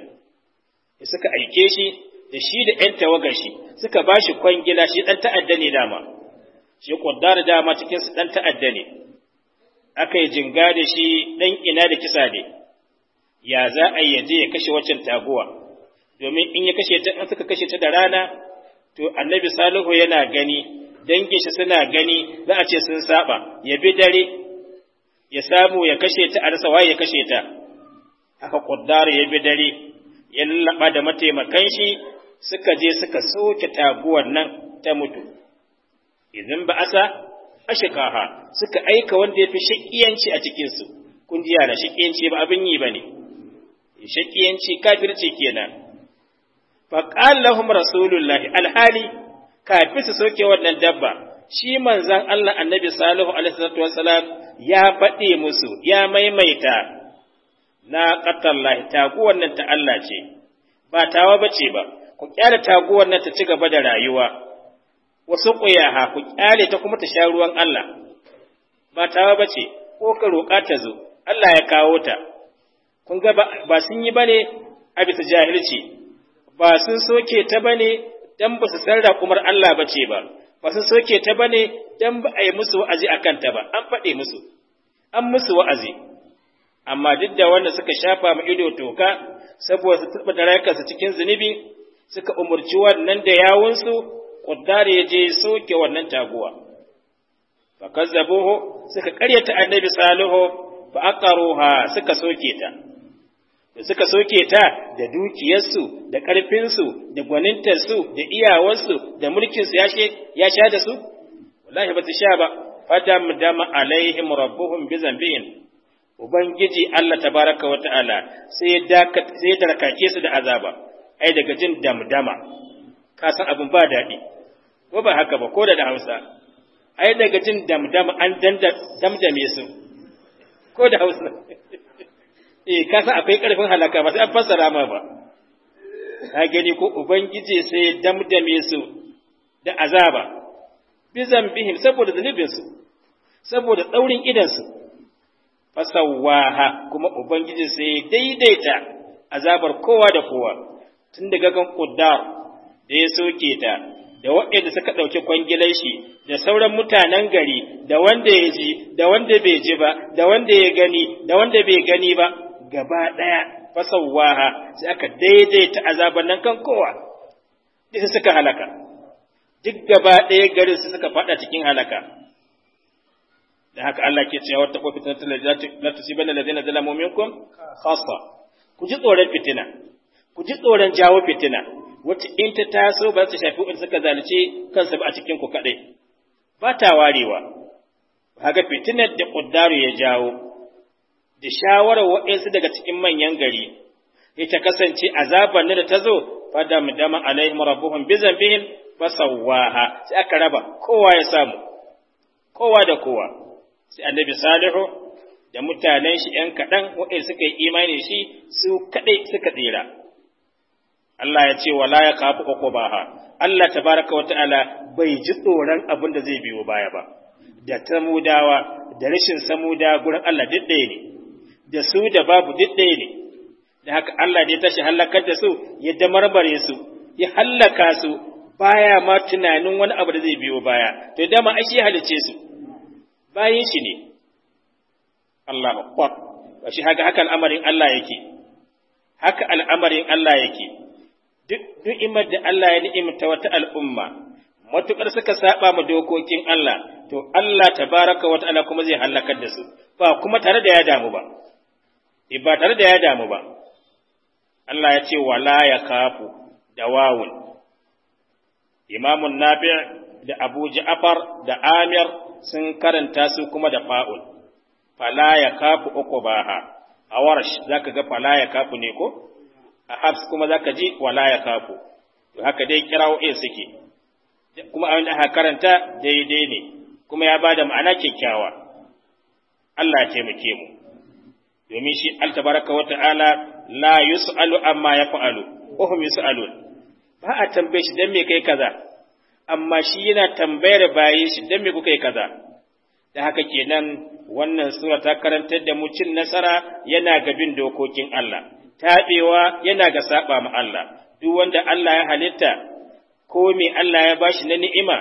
ya suka aike shi da shi da ƴan tawagar shi suka ba shi kwangila shi ɗan ta'adda ne dama shi Qudda da dama cikinsu ɗan ta'adda ne aka yi jinga da shi ɗan ina da kisa ne ya za a yaje ya kashe waccan taguwa domin in ya kashe ta in suka kashe ta da rana to annabi salihu yana gani dangin shi suna gani za a ce sun saba ya bi dare ya samu ya kashe ta a rasa waye ya kashe ta haka kuddar ya bi dare ya lallaba da mataimakan shi suka je suka soke taguwar nan ta mutu idan ba asa ashikaha suka aika wanda ya fi shakiyanci a cikinsu kun ji shakiyanci ba abin yi ba ne shakiyanci kafirci kenan faƙal lahum rasulullahi alhali kafin su soke wannan dabba shi manzan Allah annabi salihu alaihi wasallam ya faɗi musu ya maimaita na lahi taguwar nan ta Allah ce ba tawa bace ba ku kyale taguwar nan ta ci gaba da rayuwa wasu ƙuyaha ku kyale ta kuma ta sha ruwan Allah ba tawa bace ko ka roƙa ta zo Allah ya kawo ta kun ga ba sun yi bane a bisa jahilci ba sun soke ta bane dan ba su san raƙumar Allah ba ce ba ba sun soke ta bane dan ba a yi musu wa'azi a kanta ba an faɗe musu an musu wa'azi amma duk da wanda suka shafa ma ido toka saboda su da rayukansu cikin zunubi suka umarci wannan da yawunsu kuddare ya je soke wannan taguwa fa kazzabuhu suka karyata annabi salihu fa aqaruha suka soke ta da suka soke ta da dukiyarsu da ƙarfinsu da gwanintarsu da iyawarsu da mulkinsu ya sha da su wallahi ba su sha ba Fa mu dama alaihim rabbuhum bi zambihin. ubangiji Allah tabaraka wa ta'ala sai ya tarkake su da azaba ai daga jin damdama ka san abin ba daɗi ko ba haka ba ko da Hausa ai daga jin damdama an damdame su ko da Hausa eh ka san akwai ƙarfin halaka ba sai an fassara ma ba ka gani ko ubangiji sai ya damdame su da azaba bi zambihim saboda zunubinsu saboda tsaurin idansu fasawaha kuma ubangiji sai daidaita azabar kowa da kowa tun da gagan kuddar da ya soke ta da waɗanda suka ɗauki kwangilan shi da sauran mutanen gari da wanda ya ji da wanda bai ji ba da wanda ya gani da wanda bai gani ba gaba ɗaya fasawaha sai aka daidaita azaban nan kan kowa duk suka halaka duk gaba ɗaya garin su suka faɗa cikin halaka da haka Allah ke cewa wata ko fitina la tusibanna alladhina zalamu minkum khassa ku ji tsoron fitina ku ji tsoron jawo fitina wacce in ta taso ba ta shafi wanda suka zalice kansa ba a cikin ku kadai ba ta warewa haka fitinar da kuddaru ya jawo da shawarar waɗansu daga cikin manyan gari, ita kasance azabar ne da ta zo, fada mu dama alaihim rabbuhum bi zambihim fasawwaha sai aka raba kowa ya samu kowa da kowa sai annabi salihu da mutanen shi yan kaɗan waɗanda suka yi imani shi su kaɗai suka tsira Allah ya ce wala ya kafu ha, Allah Ta baraka wa ta'ala bai ji tsoron abin da zai biyo baya ba da mudawa, da rashin samuda gurin Allah duk ɗaya ne da su da babu duk ɗaya ne da haka Allah ne ya tashi hallakar da su ya da marmari su ya hallaka su baya ma tunanin wani abu da zai biyo baya to dama ai shi halice su bayan shi ne Allah ba shi haka haka al'amarin Allah yake haka al'amarin Allah yake duk ni'imar da Allah ya ni'imta wata al'umma matuƙar suka saba ma dokokin Allah to Allah ta baraka wata ta'ala kuma zai hallakar da su ba kuma tare da ya damu ba Eh, ba tare da ya damu ba Allah ya ce wala ya kafu da wawun imamun nafi da abu ja'far da amir sun karanta su kuma da fa'ul fala ya kafu uku ha, a warash zaka ga fala ya kafu ne ko a Hafs kuma zaka ji wala ya kafu to haka dai kirawo e suke kuma abin da aka karanta daidai ne kuma ya bada ma'ana kyakkyawa Allah ya taimake mu domin shi altabaraka wa ta'ala la yus'alu amma yaf'alu wa hum yus'alu. ba a tambaye shi dan me kai kaza amma shi yana tambayar bayin shi dan me kuka yi kaza da haka kenan wannan sura ta karantar da mu cin nasara yana ga bin dokokin Allah taɓewa yana ga saba ma Allah duk wanda Allah ya halitta ko me Allah ya bashi na ni'ima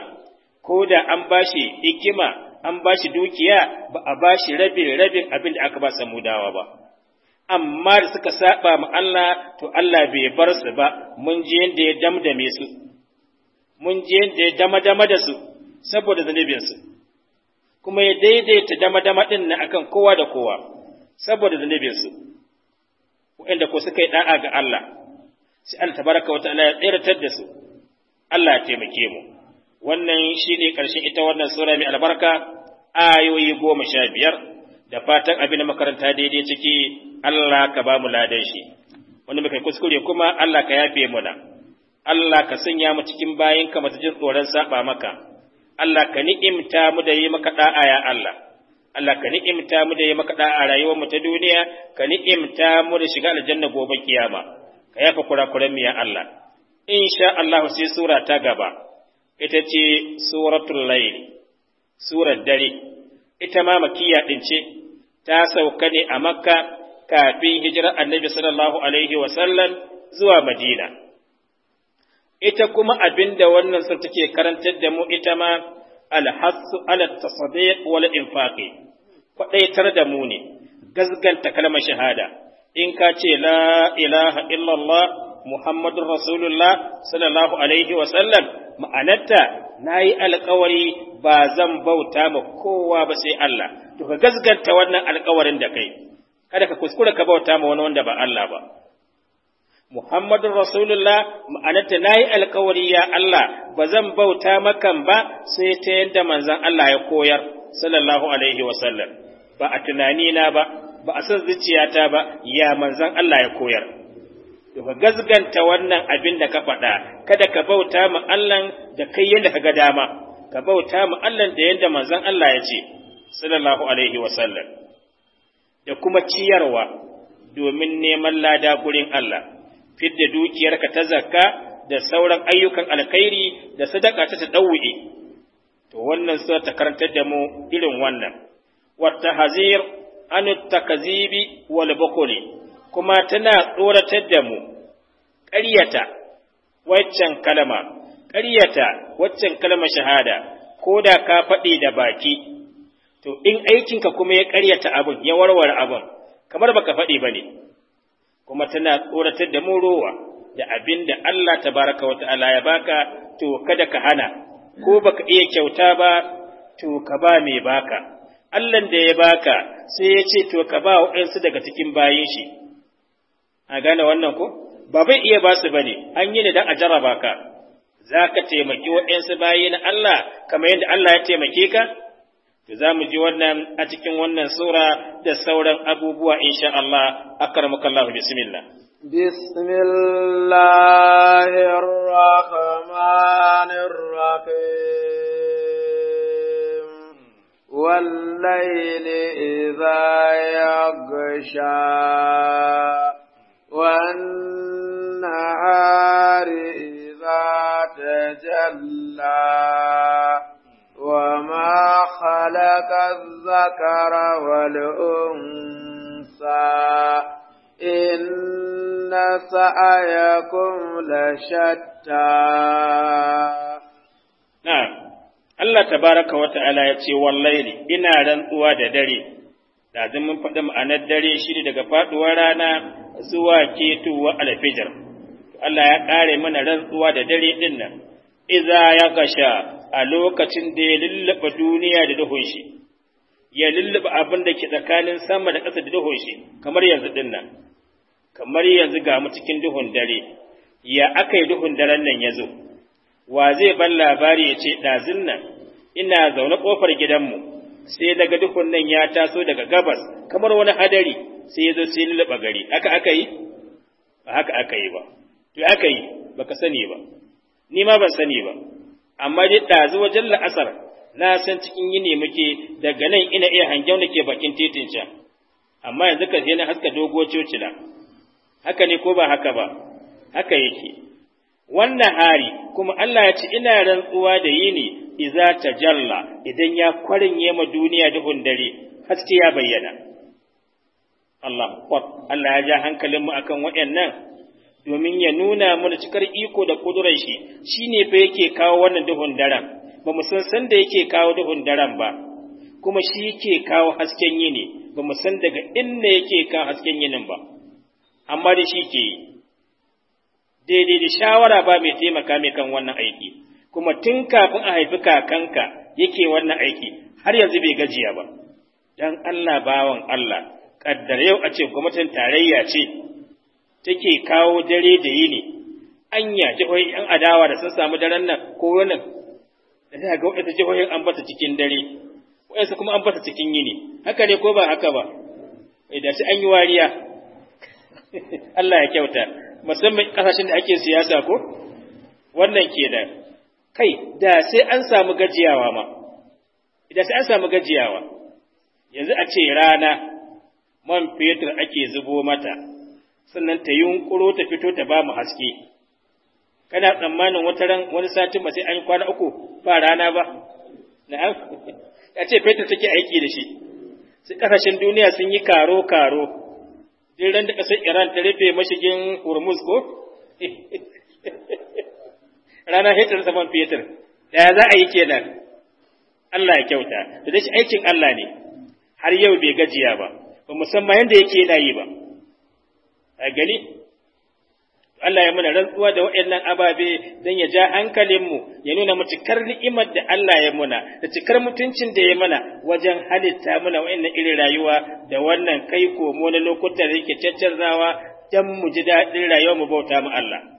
ko da an bashi hikima an ba shi dukiya ba a ba shi rabin rabin abin da aka ba mudawa ba amma da suka saba ma Allah to Allah bai bar su ba mun ji yadda ya damdame su mun ji yadda ya dama dama da su saboda zunubinsu, su kuma ya daidaita dama dama din na akan kowa da kowa saboda zunubin su wanda ko suka yi da'a ga Allah sai Allah tabaraka wata Allah ya tsiratar da su Allah ya taimake mu wannan shine ƙarshen ita wannan sura mai albarka ayoyi goma sha biyar da fatan abin makaranta daidai ciki Allah ka ba mu ladan shi wanda muka kuskure kuma Allah ka yafe muna Allah ka sanya mu cikin bayinka masu jin tsoron saba maka Allah ka ni'imta mu da yi maka da'a ya Allah Allah ka ni'imta mu da yi maka da'a rayuwar mu ta duniya ka ni'imta mu da shiga aljanna gobe kiyama ka yafa kurakuran mu ya Allah insha Allah sai sura ta gaba ita ce suratul layl surar dare ita ma makiyya din ce ta sauka ne a makka kafin hijirar annabi sallallahu alaihi wa sallam zuwa madina ita kuma abinda wannan sun take karantar da mu ita ma alhassu ala tasadiq wal infaqi kwadaitar da mu ne gazganta kalmar shahada in ka ce la ilaha illallah Muhammadun Rasulullah sallallahu alaihi wasallam ma'anarta na yi alkawari ba zan bauta ma kowa ba sai Allah, to ka gasganta wannan alkawarin da kai, kada ka kuskura ka bauta ma wani wanda ba Allah ba. Muhammadun Rasulullah ma'anarta na yi alkawari ya Allah ba zan bauta makan ba sai ta yadda manzan Allah ya koyar sallallahu alaihi wasallam ba a tunanina ba, ba a san zuciyata ba, ya manzan Allah ya koyar. ka gazganta wannan abin da ka faɗa kada ka bauta ma Allah da kai yadda ka ga dama ka bauta ma Allah da yadda manzon Allah ya ce sallallahu alaihi wa sallam da kuma ciyarwa domin neman lada gurin Allah fidda dukiyarka ta zakka da sauran ayyukan alkhairi da sadaka ta tadawwi to wannan sura ta karantar da mu irin wannan wa tahzir an takzibi wal bukhli kuma tana tsoratar da mu ƙaryata waccan kalma ƙaryata waccan kalma shahada ko da ka faɗi da baki to in aikinka kuma ya ƙaryata abin ya warware abin kamar baka faɗi ba ne kuma tana tsoratar da mu rowa da abin da Allah tabaraka wa ta'ala ya baka to kada ka hana ko baka iya kyauta ba to ka ba mai baka Allah da ya baka sai ya ce to ka ba waɗansu daga cikin bayin shi a gane wannan ko ba bai iya ba su bane an yi ne dan a jarraba ka za ka taimaki waɗansu bayi na Allah kamar yadda Allah ya taimake ka to za mu ji wannan a cikin wannan sura da sauran abubuwa insha Allah akramakallahu bismillah بسم الله الرحمن الرحيم والليل إذا والنهار إذا تجلى وما خلق الذكر والأنثى إن سعيكم لشتى نعم الله تبارك وتعالى يتي والليل إنا لن أواد دليل ɗazin mun faɗi ma'anar dare shi ne daga faɗuwar rana zuwa ketowa alfijar. Allah ya ƙare mana rantsuwa da dare ɗin nan, iza ya gasha a lokacin da ya lullaba duniya da duhun shi, ya lullaba abin da ke tsakanin sama da ƙasa da duhun shi, kamar yanzu ɗin nan, kamar yanzu ga mu cikin duhun dare, ya aka yi duhun daren nan ya zo, wa zai ban labari ya ce ɗazin nan, ina zaune ƙofar gidanmu, sai daga dukun nan ya taso daga gabas kamar wani hadari sai ya zo sai lulluɓa gari haka aka yi ba haka aka yi ba to aka yi baka sani ba ni ma ban sani ba amma dai ɗazu wajen la'asar na san cikin yini muke daga nan ina iya hangen da ke bakin titin can amma yanzu ka sai na haska dogo cocila haka ne ko ba haka ba haka yake wannan hari kuma Allah ya ce ina rantsuwa da yini iza ta jalla idan ya kwarin ma duniya duhun dare haske ya bayyana Allah Allah ya ja hankalin mu akan waɗannan domin ya nuna mana cikar iko da kudurar shi shine fa yake kawo wannan duhun daren ba mu san san da yake kawo duhun daren ba kuma shi yake kawo hasken yini ba mu san daga inda yake kawo hasken yinin ba amma da shi ke daidai da shawara ba mai taimaka mai kan wannan aiki kuma tun kafin a haifi kakanka yake wannan aiki har yanzu bai gajiya ba dan Allah bawan Allah kaddar yau a ce gwamnatin tarayya ce take kawo dare da yini anya jihohin yan adawa da sun samu daren nan ko wannan da za ga wadansu jihohin an bata cikin dare kuma an bata cikin yini haka ne ko ba haka ba idan eh, shi an yi wariya Allah ya kyauta musamman kasashen da ake siyasa ko wannan ke da. kai da sai an samu gajiyawa ma idan sai an samu gajiyawa yanzu a ce rana man fetur ake zubo mata sannan ta yunkuro ta fito ta ba mu haske kana tsammanin wata ran wani satin ba sai an kwana uku ba rana ba na'am a ce fetur take aiki da shi sai kasashen duniya sun yi karo karo duk ran da kasar Iran ta rufe mashigin Hormuz ko rana hetar saman fetur da za a yi kenan Allah ya kyauta da dai aikin Allah ne har yau bai gajiya ba ba musamman yadda yake yana yi ba a gani Allah ya muna rantsuwa da waɗannan ababe don ya ja hankalinmu ya nuna mu cikar ni'imar da Allah ya muna da cikar mutuncin da ya muna wajen halitta muna waɗannan irin rayuwa da wannan kai komo na lokutan da yake caccanzawa don mu ji daɗin rayuwa mu bauta mu Allah.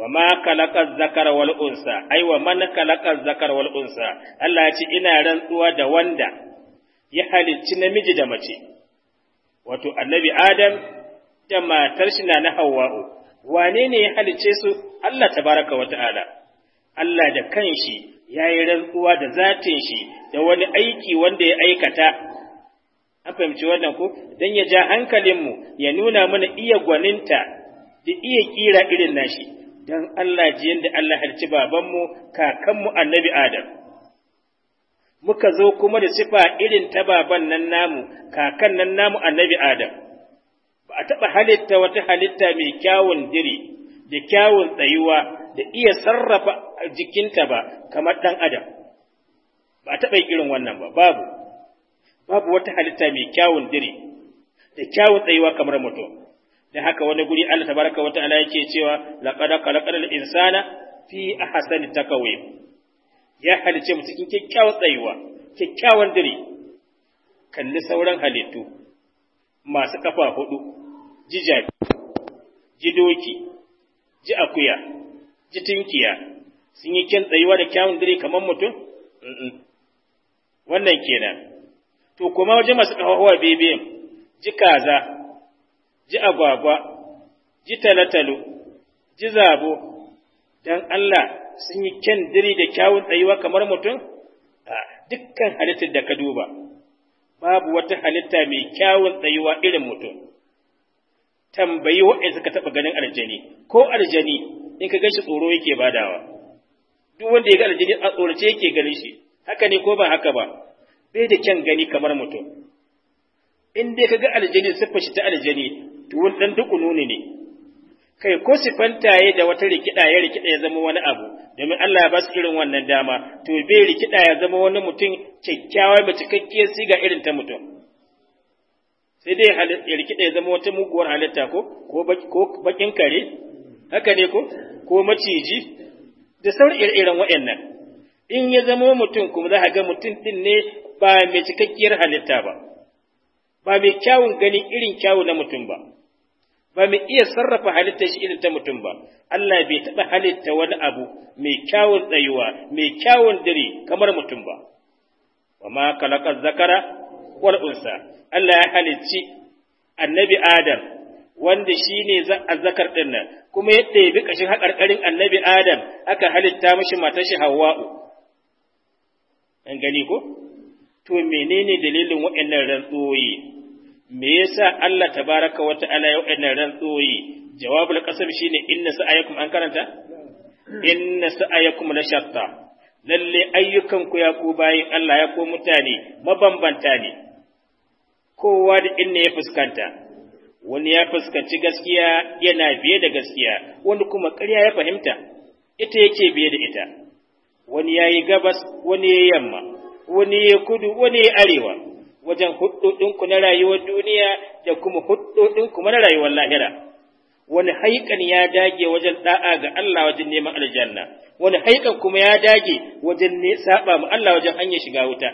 wa ma kalakar zakar wal unsa ai wa man kalakar zakar wal unsa Allah ce ina rantsuwa da wanda ya halicci namiji da mace wato annabi Adam da matar shi na na Hawwa'u wane ne ya halicce su Allah tabaraka wa ta'ala Allah da kanshi ya yi rantsuwa da zatin shi da wani aiki wanda ya aikata an fahimci wannan ko dan ya ja hankalinmu ya nuna mana iya gwaninta da iya kira irin nashi dan Allah ji yanda Allah halci babanmu kakanmu annabi Adam muka zo kuma da sifa irin ta baban nan namu kakan nan namu annabi Adam ba a taɓa halitta wata halitta mai kyawun diri da kyawun tsayuwa da iya sarrafa jikinta ba kamar ɗan Adam ba a taɓa irin wannan ba babu babu wata halitta mai kyawun diri da kyawun tsayuwa kamar mutum da haka wani guri Allah tabaraka wa ta'ala yake cewa laqad khalaqal insana fi ahsani takawi ya halice mu cikin kyakkyawan tsayuwa kyakkyawan dire kalli sauran halittu masu kafa hudu ji jabi ji doki ji akuya ji tinkiya sun yi kyan tsayuwa da kyawun dire kamar mutum wannan kenan to kuma waje masu kafa hawa bebiyan ji kaza ji agwagwa, ji talatalo, ji zabo, don Allah sun yi kyan diri da kyawun tsayuwa kamar mutum? A dukkan halittar da ka duba, babu wata halitta mai kyawun tsayuwa irin mutum. Tambayi waɗanda suka taɓa ganin aljani, ko aljani in ka gan shi tsoro yake badawa. Duk wanda ya ga aljani a tsorace yake ganin shi, haka ne ko ba haka ba, bai da kyan gani kamar mutum. In dai ka ga aljani siffar shi ta aljani, tuwon dan duk nuni ne kai ko sifantaye da wata rikida ya rikida ya zama wani abu domin Allah ya ba su irin wannan dama to bai rikida ya zama wani mutum kyakkyawa ba cikakkiyar siga irin ta mutum sai dai ya rikida ya zama wata muguwar halitta ko ko bakin kare haka ne ko ko maciji da sauran irin waɗannan in ya zama mutum kuma za ga mutum din ne ba mai cikakkiyar halitta ba ba mai kyawun gani irin kyawun na mutum ba ba mai iya sarrafa halittar shi irin ta mutum ba Allah bai taɓa halitta wani abu mai kyawun tsayuwa mai kyawun dare kamar mutum ba wa ma zakara wal unsa Allah ya halicci annabi Adam wanda shi ne azzakar ɗin nan kuma ya ɗebi ƙashin haƙarƙarin annabi Adam aka halitta mashi matar shi Hawwa'u an gani ko to menene dalilin waɗannan rantsoyi me yasa Allah tabaraka wa ta'ala ya wadannan rantsoyi jawabul qasam shine inna sa'ayakum an karanta inna sa'ayakum la shatta lalle ayyukan ku ya ku bayin Allah ya ko mutane mabambanta ne kowa da inna ya fuskanta wani ya fuskanci gaskiya yana biye da gaskiya wani kuma ƙarya ya fahimta ita yake biye da ita wani yayi gabas wani yayi yamma wani yayi kudu wani yayi arewa wajen hudodinku na rayuwar duniya da kuma hudodinku na rayuwar lahira. Wani haikan ya dage wajen ɗa'a ga Allah wajen neman aljanna, wani haikan kuma ya dage wajen ne saba mu Allah wajen hanyar shiga wuta.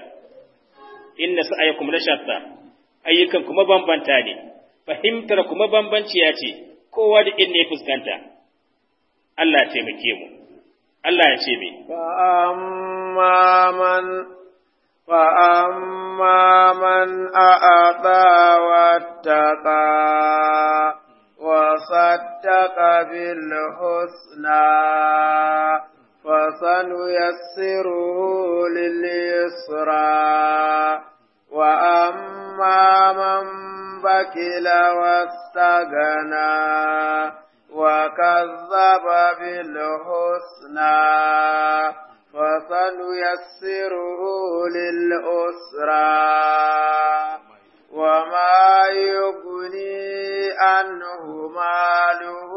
Inna sa'aykum la shatta, ayyukan kuma bambanta ne, fahimtar kuma bambanciya ce, kowa da inne ya fuskanta. Allah ya taimake mu. Allah ya ce me. amma man فأما من أعطى واتقى وصدق بالحسنى فسنيسره لليسرى وأما من بكل واستغنى وكذب بالحسنى فسنيسره للأسرى وما يغني عنه ماله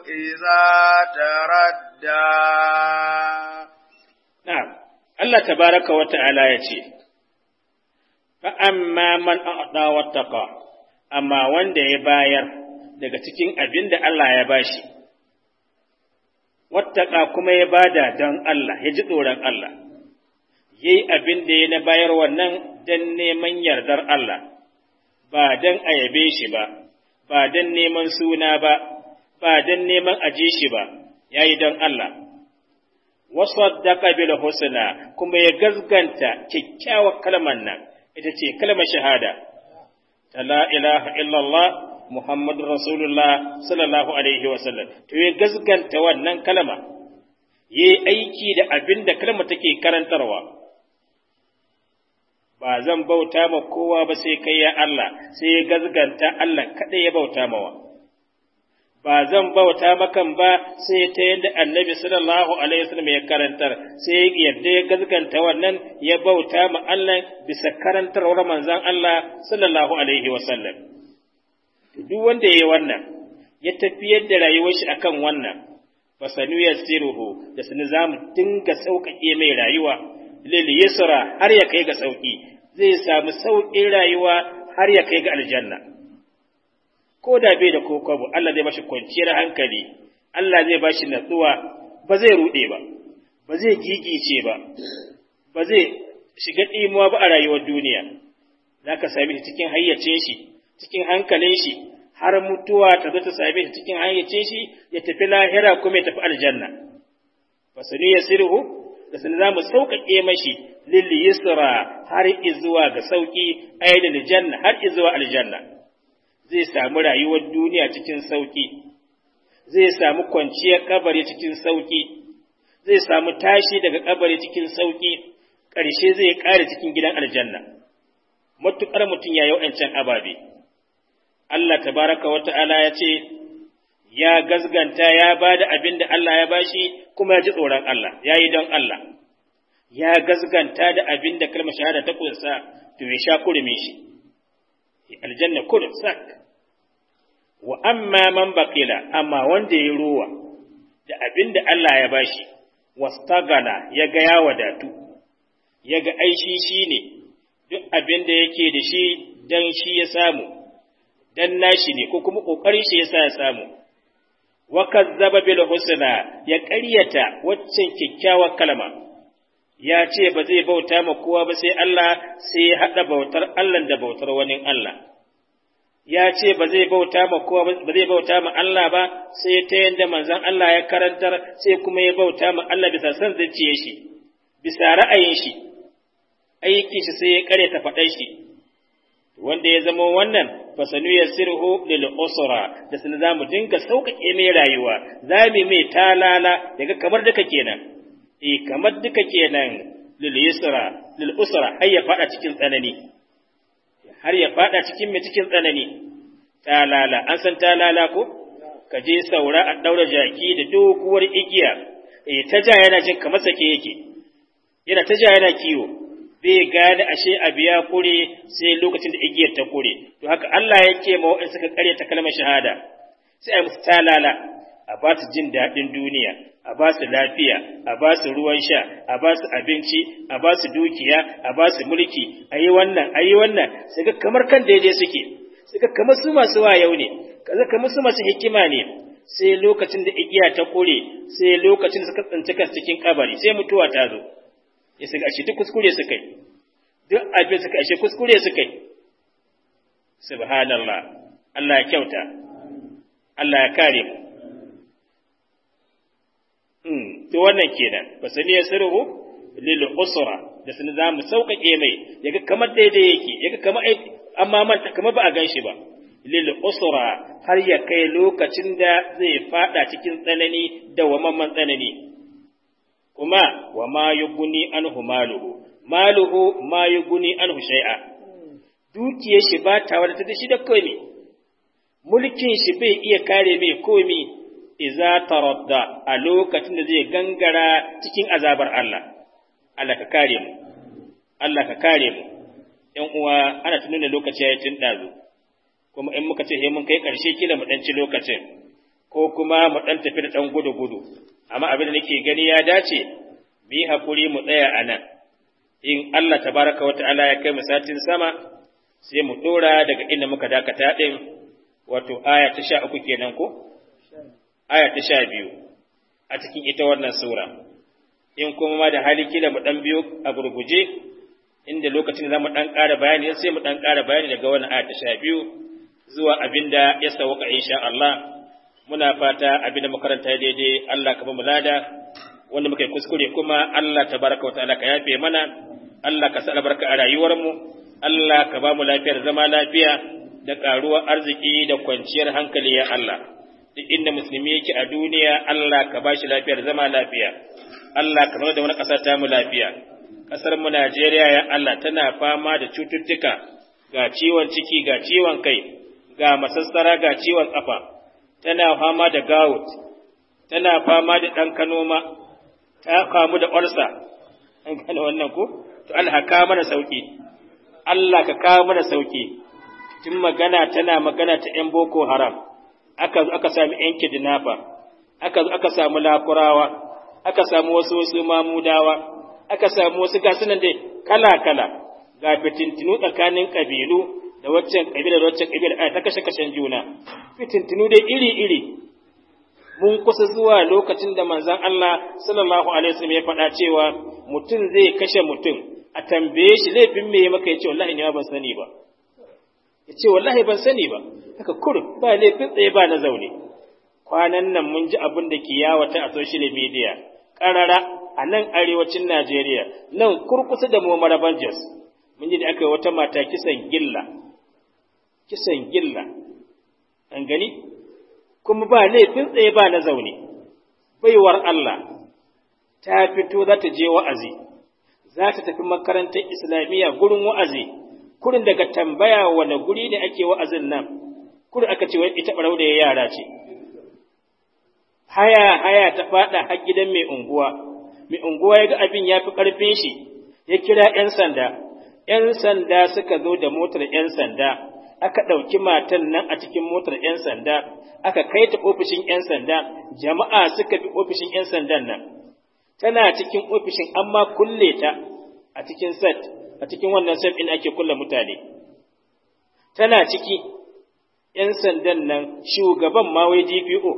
إذا تردى نعم الله تبارك وتعالى يتي فأما من أعطى واتقى أما وندي باير daga cikin abin da Allah ya bashi wattaka kuma ya bada dan Allah, ya ji tsoron Allah, ya yi abin da ya na bayar wannan don neman yardar Allah, ba dan a yabe shi ba, ba don neman suna ba, ba don neman aje shi ba, ya yi don Allah. da bil husna kuma ya gazganta kyakkyawar kalmar nan, ita ce kalmar shahada, ta la ilaha illallah Muhammadu صلى sallallahu alaihi وسلم to ya gaskanta wannan kalma ya yi aiki da abin da kalma take karantarwa ba zan bauta ma kowa ba sai kai ya Allah sai ya gazganta Allah kadai ya bauta mawa ba zan bauta makan ba sai ta yadda annabi sallallahu alaihi wasallam ya karantar sai yadda ya gazganta wannan ya bauta ma Allah bisa karantarwar manzon Allah sallallahu alaihi wasallam duk wanda ya yi wannan ya tafiyar da rayuwar shi akan wannan fa sanu yasiruhu da sanu zamu dinga sauƙaƙe mai rayuwa lil yusra har ya kai ga sauƙi zai samu sauƙin rayuwa har ya kai ga aljanna ko da bai da kokobo Allah zai bashi kwanciyar hankali Allah zai bashi natsuwa ba zai ruɗe ba ba zai gigice ba ba zai shiga ɗimuwa ba a rayuwar duniya za ka sami cikin hayyace shi cikin hankalin shi har mutuwa ta zo ta same shi cikin hayyacin shi ya tafi lahira kuma ya tafi aljanna fasani ya sirhu da sani za mu sauƙaƙe mashi lil yusra har izuwa ga sauƙi ayyul aljanna janna har izuwa aljanna zai samu rayuwar duniya cikin sauƙi zai samu kwanciyar kabari cikin sauƙi zai samu tashi daga kabari cikin sauƙi ƙarshe zai ƙare cikin gidan aljanna matuƙar mutum ya yi waɗancan ababe Allah tabaraka wa ta'ala ya ce, ya gazganta ya ba da abin da Allah ya bashi kuma ya ji tsoron Allah, ya yi don Allah, ya gazganta da abin da kalmar shahada ta kunsa to ya sha kurmi shi, aljanna kurum sak. Wa amma man bakila, amma wanda ya yi ruwa da abin da Allah ya bashi, wastagana ya ga ya wadatu, ya ga aishi shi ne duk abin da yake da shi don shi ya samu. dan nashi ne ko kuma kokarin shi yasa ya samu wa kazzaba bil husna ya ƙaryata waccan kyakkyawar kalma ya ce ba zai bauta ma kowa ba sai Allah sai ya hada bautar Allah da bautar wani Allah ya ce ba zai bauta ma kowa ba zai bauta ma Allah ba sai ta yanda manzon Allah ya karantar sai kuma ya bauta ma Allah bisa san zuciyar shi bisa ra'ayin shi aikin shi sai ya ƙaryata faɗa shi wanda ya zama wannan fasanu ya sirhu lil usra da sun za mu dinga sauƙaƙe mai rayuwa za mu mai talala daga kamar duka kenan eh kamar duka kenan lil yusra lil usra har ya fada cikin tsanani har ya fada cikin mai cikin tsanani talala an san talala ko ka je saura a daura jaki da dokuwar igiya eh ta ja yana jin kamar sake yake yana ta ja yana kiwo bai gane ashe a ya kure sai lokacin da igiyar ta kure to haka Allah yake ma waɗanda suka ta kalmar shahada sai a musu talala a ba su jin daɗin duniya a ba su lafiya a ba su ruwan sha a ba su abinci a ba su dukiya a ba su mulki a yi wannan a yi wannan sai ga kamar kan daidai suke sai ga kamar su masu wayau ne kaza kamar su masu hikima ne sai lokacin da igiya ta kure sai lokacin da suka tsinci kan cikin kabari sai mutuwa ta zo ya suka ashe duk kuskure suka yi duk abin suka ashe kuskure suka yi subhanallah Allah ya kyauta Allah ya kare mu hmm, to wannan kenan ba sani ya sirru lil usra da sani za mu sauƙaƙe mai yaga kamar daidai yake yaga kamar amma manta kamar ba a ganshi ba lil usra har ya kai lokacin da zai fada cikin tsanani da wamamman tsanani kuma wa ma yughni anhu maluhu maluhu ma yughni anhu shay'a dukiyar shi ba ta wadata da shi da komai mulkin shi bai iya kare mai komi. iza taradda a lokacin da zai gangara cikin azabar Allah Allah ka kare mu Allah ka kare mu ‘yan uwa ana tunan lokaci ya yi tun ɗazu, kuma in muka ce he mun kai ƙarshe kila mu ɗanci lokacin, ko kuma mu ɗan tafi da ɗan gudu-gudu, amma abin da nake gani ya dace mu yi hakuri mu tsaya a nan in Allah baraka wa ta'ala ya kai mu satin sama sai mu dora daga inda muka dakata din wato aya ta sha uku kenan ko aya ta sha biyu a cikin ita wannan sura in kuma ma da hali kila mu ɗan biyo a gurguje inda lokacin za mu dan ƙara bayani sai mu ɗan ƙara bayani daga wannan aya ta sha biyu zuwa abinda ya sauka insha Allah muna fata abin da makaranta daidai Allah ka ba mu lada wanda muka yi kuskure kuma Allah tabaraka wa ta'ala ka yafe mana Allah ka sa albarka a rayuwar mu Allah ka ba mu lafiyar zama lafiya da karuwa arziki da kwanciyar hankali ya Allah duk inda musulmi yake a duniya Allah ka ba shi lafiyar zama lafiya Allah ka da wani ƙasa ta mu lafiya ƙasar mu Najeriya ya Allah tana fama da cututtuka ga ciwon ciki ga ciwon kai ga masassara ga ciwon ƙafa tana fama da gawut, tana fama da ɗan kanoma, ta kamu da ƙwarsa, an gane wannan ko? To Allah ka mana sauƙi, Allah ka kawo mana sauƙi, tun magana tana magana ta ‘yan Boko Haram, aka zo aka sami ‘yan kidnapper, aka zo aka samu lakurawa, aka samu wasu wasu mamudawa, aka samu wasu gasunan dai kala-kala, ga fitintinu tsakanin ƙabilu, da waccan kabila da waccan kabila a ta kashe kashen juna fitintinu dai iri iri mun kusa zuwa lokacin da manzon Allah sallallahu alaihi wasallam ya faɗa cewa mutum zai kashe mutum a tambaye shi laifin me ya maka yace wallahi ni ban sani ba yace wallahi ban sani ba haka kur ba laifin tsaye ba na zaune kwanan nan mun ji abin da ke yawata a social media karara a nan arewacin Najeriya nan kurkusa da mu Marabanjas mun ji da aka yi wata mata kisan gilla kisan gilla an gani kuma ba laifin tsaye ba na zaune baiwar Allah ta fito za ta je wa'azi za ta tafi makarantar islamiyya gurin wa'azi kurin daga tambaya wani guri ne ake wa'azin nan kurin aka ce wai ita barau da yara ce haya haya ta faɗa har gidan mai unguwa mai unguwa ya ga abin ya fi ƙarfin shi ya kira ‘yan sanda ‘yan sanda suka zo da motar ‘yan sanda aka ɗauki matan nan a cikin motar 'yan sanda, aka kai ta ofishin 'yan sanda, jama'a suka fi ofishin 'yan sandan nan. Tana cikin ofishin amma kulle ta a cikin set, a cikin wannan set ɗin ake kulle mutane. Tana ciki 'yan sandan nan shugaban mawai DPO,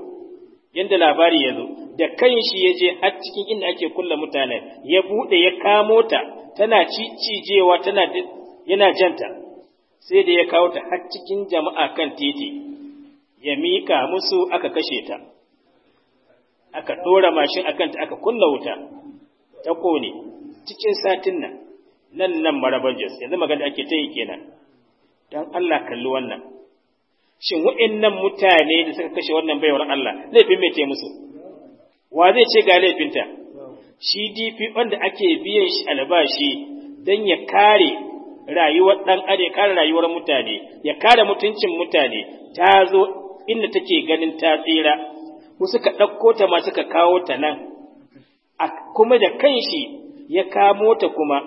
yadda labari ya zo, da kan shi ya je har cikin inda ake kulle mutane. ya buɗe ya kamo ta, tana cijewa tana yana janta. sai da ya kawo ta har cikin jama'a kan titi ya mika musu aka kashe ta aka ɗora mashin akan ta aka kunna wuta ta kone cikin satin nan nan nan marabar jos yanzu magana ake ta yi kenan don Allah kalli wannan shin wa'annan mutane da suka kashe wannan baiwar Allah laifin mai ce musu wa zai ce ga laifinta shi DP wanda ake biyan shi albashi don ya kare rayuwar ɗan are ya kare rayuwar mutane ya kare mutuncin mutane ta zo inda take ganin ta tsira wasu ka ɗauko ta ma suka kawo ta nan kuma da kanshi ya kamo ta kuma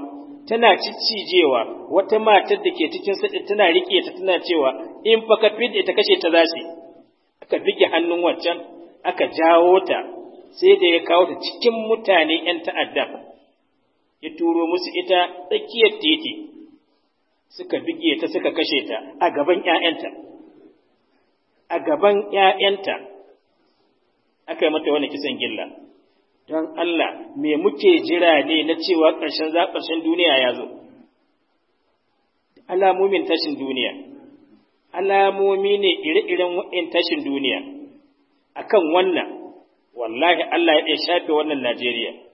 tana ciccijewa wata matar da ke cikin sadi tana rike ta tana cewa in fa ka fide ta kashe ta zasu aka bige hannun waccan aka jawo ta sai da ya kawo ta cikin mutane yan ta'adda ya turo musu ita tsakiyar titi suka bige ta suka kashe ta a gaban ‘ya'yanta, a gaban ‘ya'yanta aka yi mata wani kisan gilla, don Allah me muke jira ne na cewa ƙarshen zaɓarshen duniya ya zo, alamomin tashin duniya, alamomi ne ire-iren wa'in tashin duniya, akan wannan, wallahi Allah ya shafe wannan Najeriya.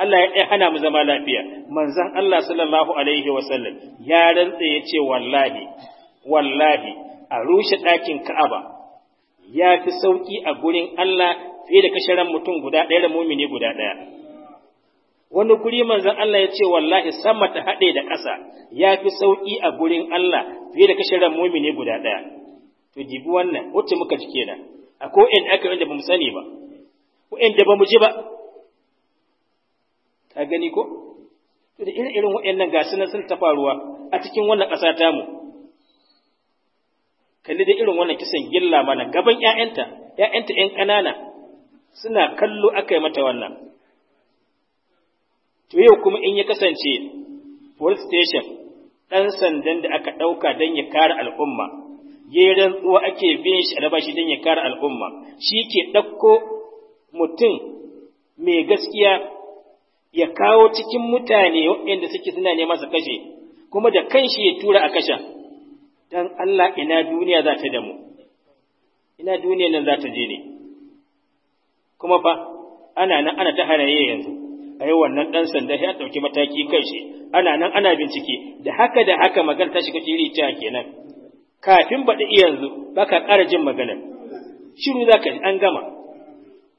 Allah ya hana mu zama lafiya Manzan Allah sallallahu alaihi wasallam ya rantsa ya ce wallahi wallahi a rushe ɗakin Ka'aba ya fi sauƙi a gurin Allah fiye da kashe mutum guda ɗaya da mumini guda ɗaya wani guri Manzan Allah ya ce wallahi sama ta haɗe da ƙasa ya fi sauƙi a gurin Allah fiye da kashe mumini guda ɗaya to jibi wannan wacce muka ji kenan a ko in aka inda ba mu sani ba ko inda ba mu ji ba ka gani ko da irin waɗannan gasu na sun ta faruwa a cikin wannan ƙasa ta mu kalli da irin wannan kisan gilla mana gaban ƴaƴanta ƴaƴanta ƴan ƙanana suna kallo aka yi mata wannan to yau kuma in ya kasance police station ɗan sandan da aka ɗauka don ya kare al'umma, ya rantsuwa ake bin shi a shi don ya kare al'umma, shi ke ɗauko mutum mai gaskiya ya kawo cikin mutane waɗanda suke suna neman su kashe kuma da kanshi ya tura a kashe. dan Allah ina duniya za ta damu ina duniya nan za ta je ne kuma fa ana nan ana ta haraye yanzu ai wannan dan sanda ya dauki mataki kanshi, ana nan ana bincike da haka da haka magana ta shiga cikin ta kenan kafin baɗi yanzu baka ƙara jin maganar shiru zaka an gama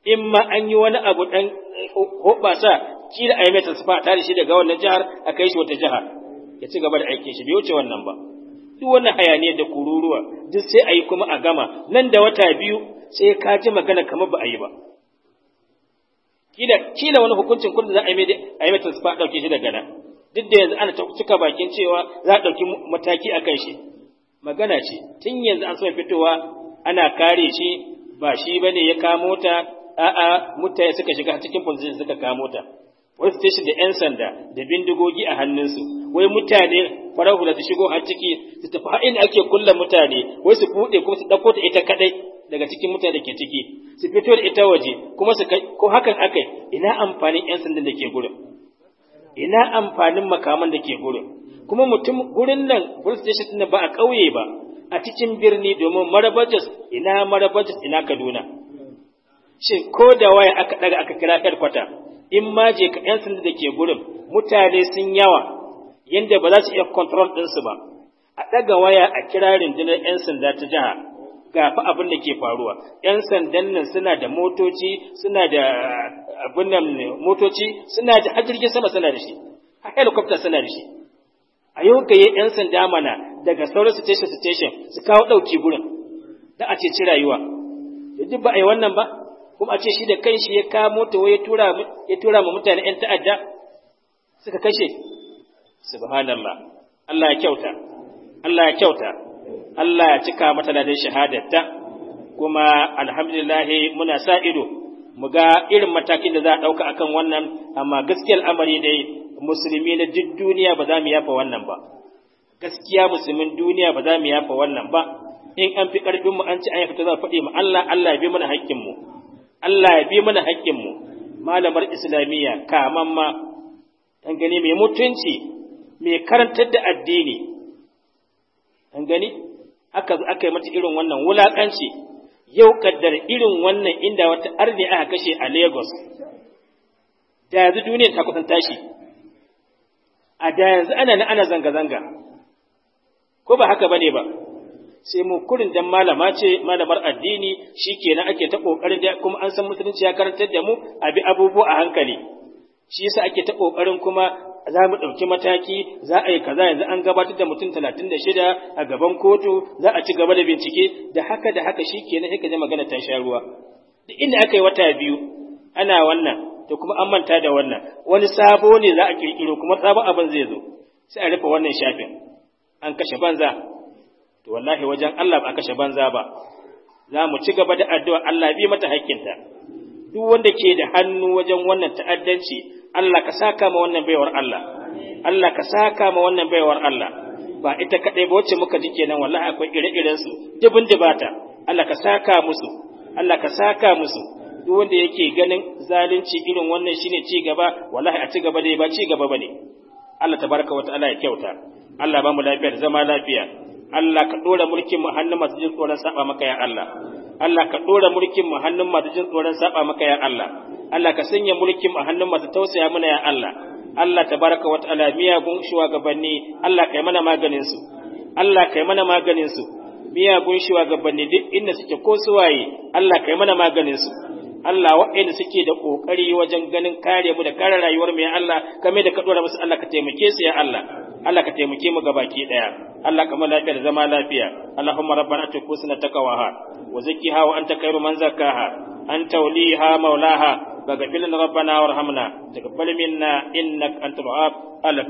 in ma an yi wani abu ɗan eh, hoɓasa kila a yi mai tasfa ta da shi daga wannan jihar a kai shi wata jihar ya ci gaba da aikin shi bai wuce wannan ba duk wannan hayaniyar da kururuwa duk sai a yi kuma a gama nan da wata biyu sai ka ji magana kamar ba a yi ba kila kila wani hukuncin kudin za a yi mai a yi mai tasfa shi daga nan duk da yanzu ana cika bakin cewa za a dauki mataki akan shi magana ce tun yanzu an so fitowa ana kare shi ba shi bane ya kamo ta a'a mutane suka shiga cikin fulzin suka kamo ta wasu su tashi da 'yan sanda da bindigogi a hannunsu wai mutane farar hula su shigo har ciki su tafi har inda ake kulla mutane wai su buɗe kuma su ɗauko ta ita kaɗai daga cikin mutane da ke ciki su fito da ita waje kuma su ko hakan akai ina amfanin 'yan sandan da ke gurin ina amfanin makaman da ke gurin kuma mutum gurin nan gurin station ɗin ba a ƙauye ba a cikin birni domin marabajas ina marabajas ina kaduna shin ko da waya aka ɗaga aka kira kwata in ma je ka ‘yan sanda da ke gurin mutane sun yawa yadda ba za su iya kontrol ɗinsu ba a ɗaga waya a kira rundunar ‘yan sanda ta jiha ga fa abin da ke faruwa ‘yan sandan nan suna da motoci suna da ah, abin nan motoci suna da har sama suna da shi har helicopter suna da shi a yau ga ‘yan sanda mana daga sauran station station su kawo ɗauki gurin da a ce ci rayuwa duk ba a yi wannan ba kuma a ce shi da kanshi ya kamo ta waye tura ya tura mu mutane yan ta'adda suka kashe subhanallah Allah ya kyauta Allah ya kyauta Allah ya cika mata da shahadarta kuma alhamdulillah muna sa ido mu ga irin matakin da za a ɗauka akan wannan amma gaskiyar amari dai musulmi na duk duniya ba za mu yafa wannan ba gaskiya musulmin duniya ba za mu yafa wannan ba in an fi ƙarfinmu mu an ci an fita za faɗi mu Allah Allah ya bi mana haƙƙinmu. mu Allah ya bi mana haƙƙinmu malamar islamiyya kaman ma an gani mai mutunci mai karantar da addini an gani aka aka yi mata irin wannan wulakanci yau kaddar irin wannan inda wata arni aka kashe a Lagos da yanzu duniyar ta kusan tashi a da yanzu ana na ana zanga-zanga ko ba haka bane ba sai mu kurin dan malama ce malamar addini shikenan ake ta kokarin da kuma an san musulunci ya karantar da mu a bi abubuwa a hankali shi yasa ake ta kokarin kuma za mu ɗauki mataki za a yi kaza yanzu an gabatar da mutum talatin da shida a gaban kotu za a ci gaba da bincike da haka da haka shi kenan sai ka magana ta sha ruwa duk inda aka yi wata biyu ana wannan to kuma an manta da wannan wani sabo ne za a kirkiro kuma sabon abin zai zo sai a rufe wannan shafin an kashe banza to wallahi wajen Allah ba kashe banza ba za mu ci gaba da addu'a Allah bi mata hakkinta duk wanda ke da hannu wajen wannan ta'addanci Allah ka saka ma wannan baiwar Allah Allah ka saka ma wannan baiwar Allah ba ita kadai ba wacce muka ji kenan wallahi akwai ire-iren su dubun dubata Allah ka saka musu Allah ka saka musu duk wanda yake ganin zalunci irin wannan shine ci gaba wallahi a ci gaba dai ba ci gaba bane Allah tabaraka wa ta'ala ya kyauta Allah ba mu lafiya da zama lafiya Allah ka ɗora mulkin mu hannun masu jin tsoron saba maka ya Allah Allah ka ɗora mulkin mu hannun masu jin tsoron saba maka ya Allah Allah ka sanya mulkin mu hannun masu tausaya mana ya Allah Allah tabaraka wa ta'ala miyagun shugabanni Allah kai mana maganin su Allah kai mana maganin su miyagun shugabanni duk inda suke ko suwaye Allah kai mana maganin su Allah waɗanda suke da ƙoƙari wajen ganin kare mu da kare rayuwar mu ya Allah kame da ka ɗora musu Allah ka taimake su ya Allah Allah ka taimake mu ga baki daya Allah ka mu lafiya da zama lafiya Allahumma rabbana atina takawaha wa zakkiha wa anta khairu man zakkaha anta waliha mawlaha فاغفر لنا ربنا وارحمنا تقبل منا انك انت الوهاب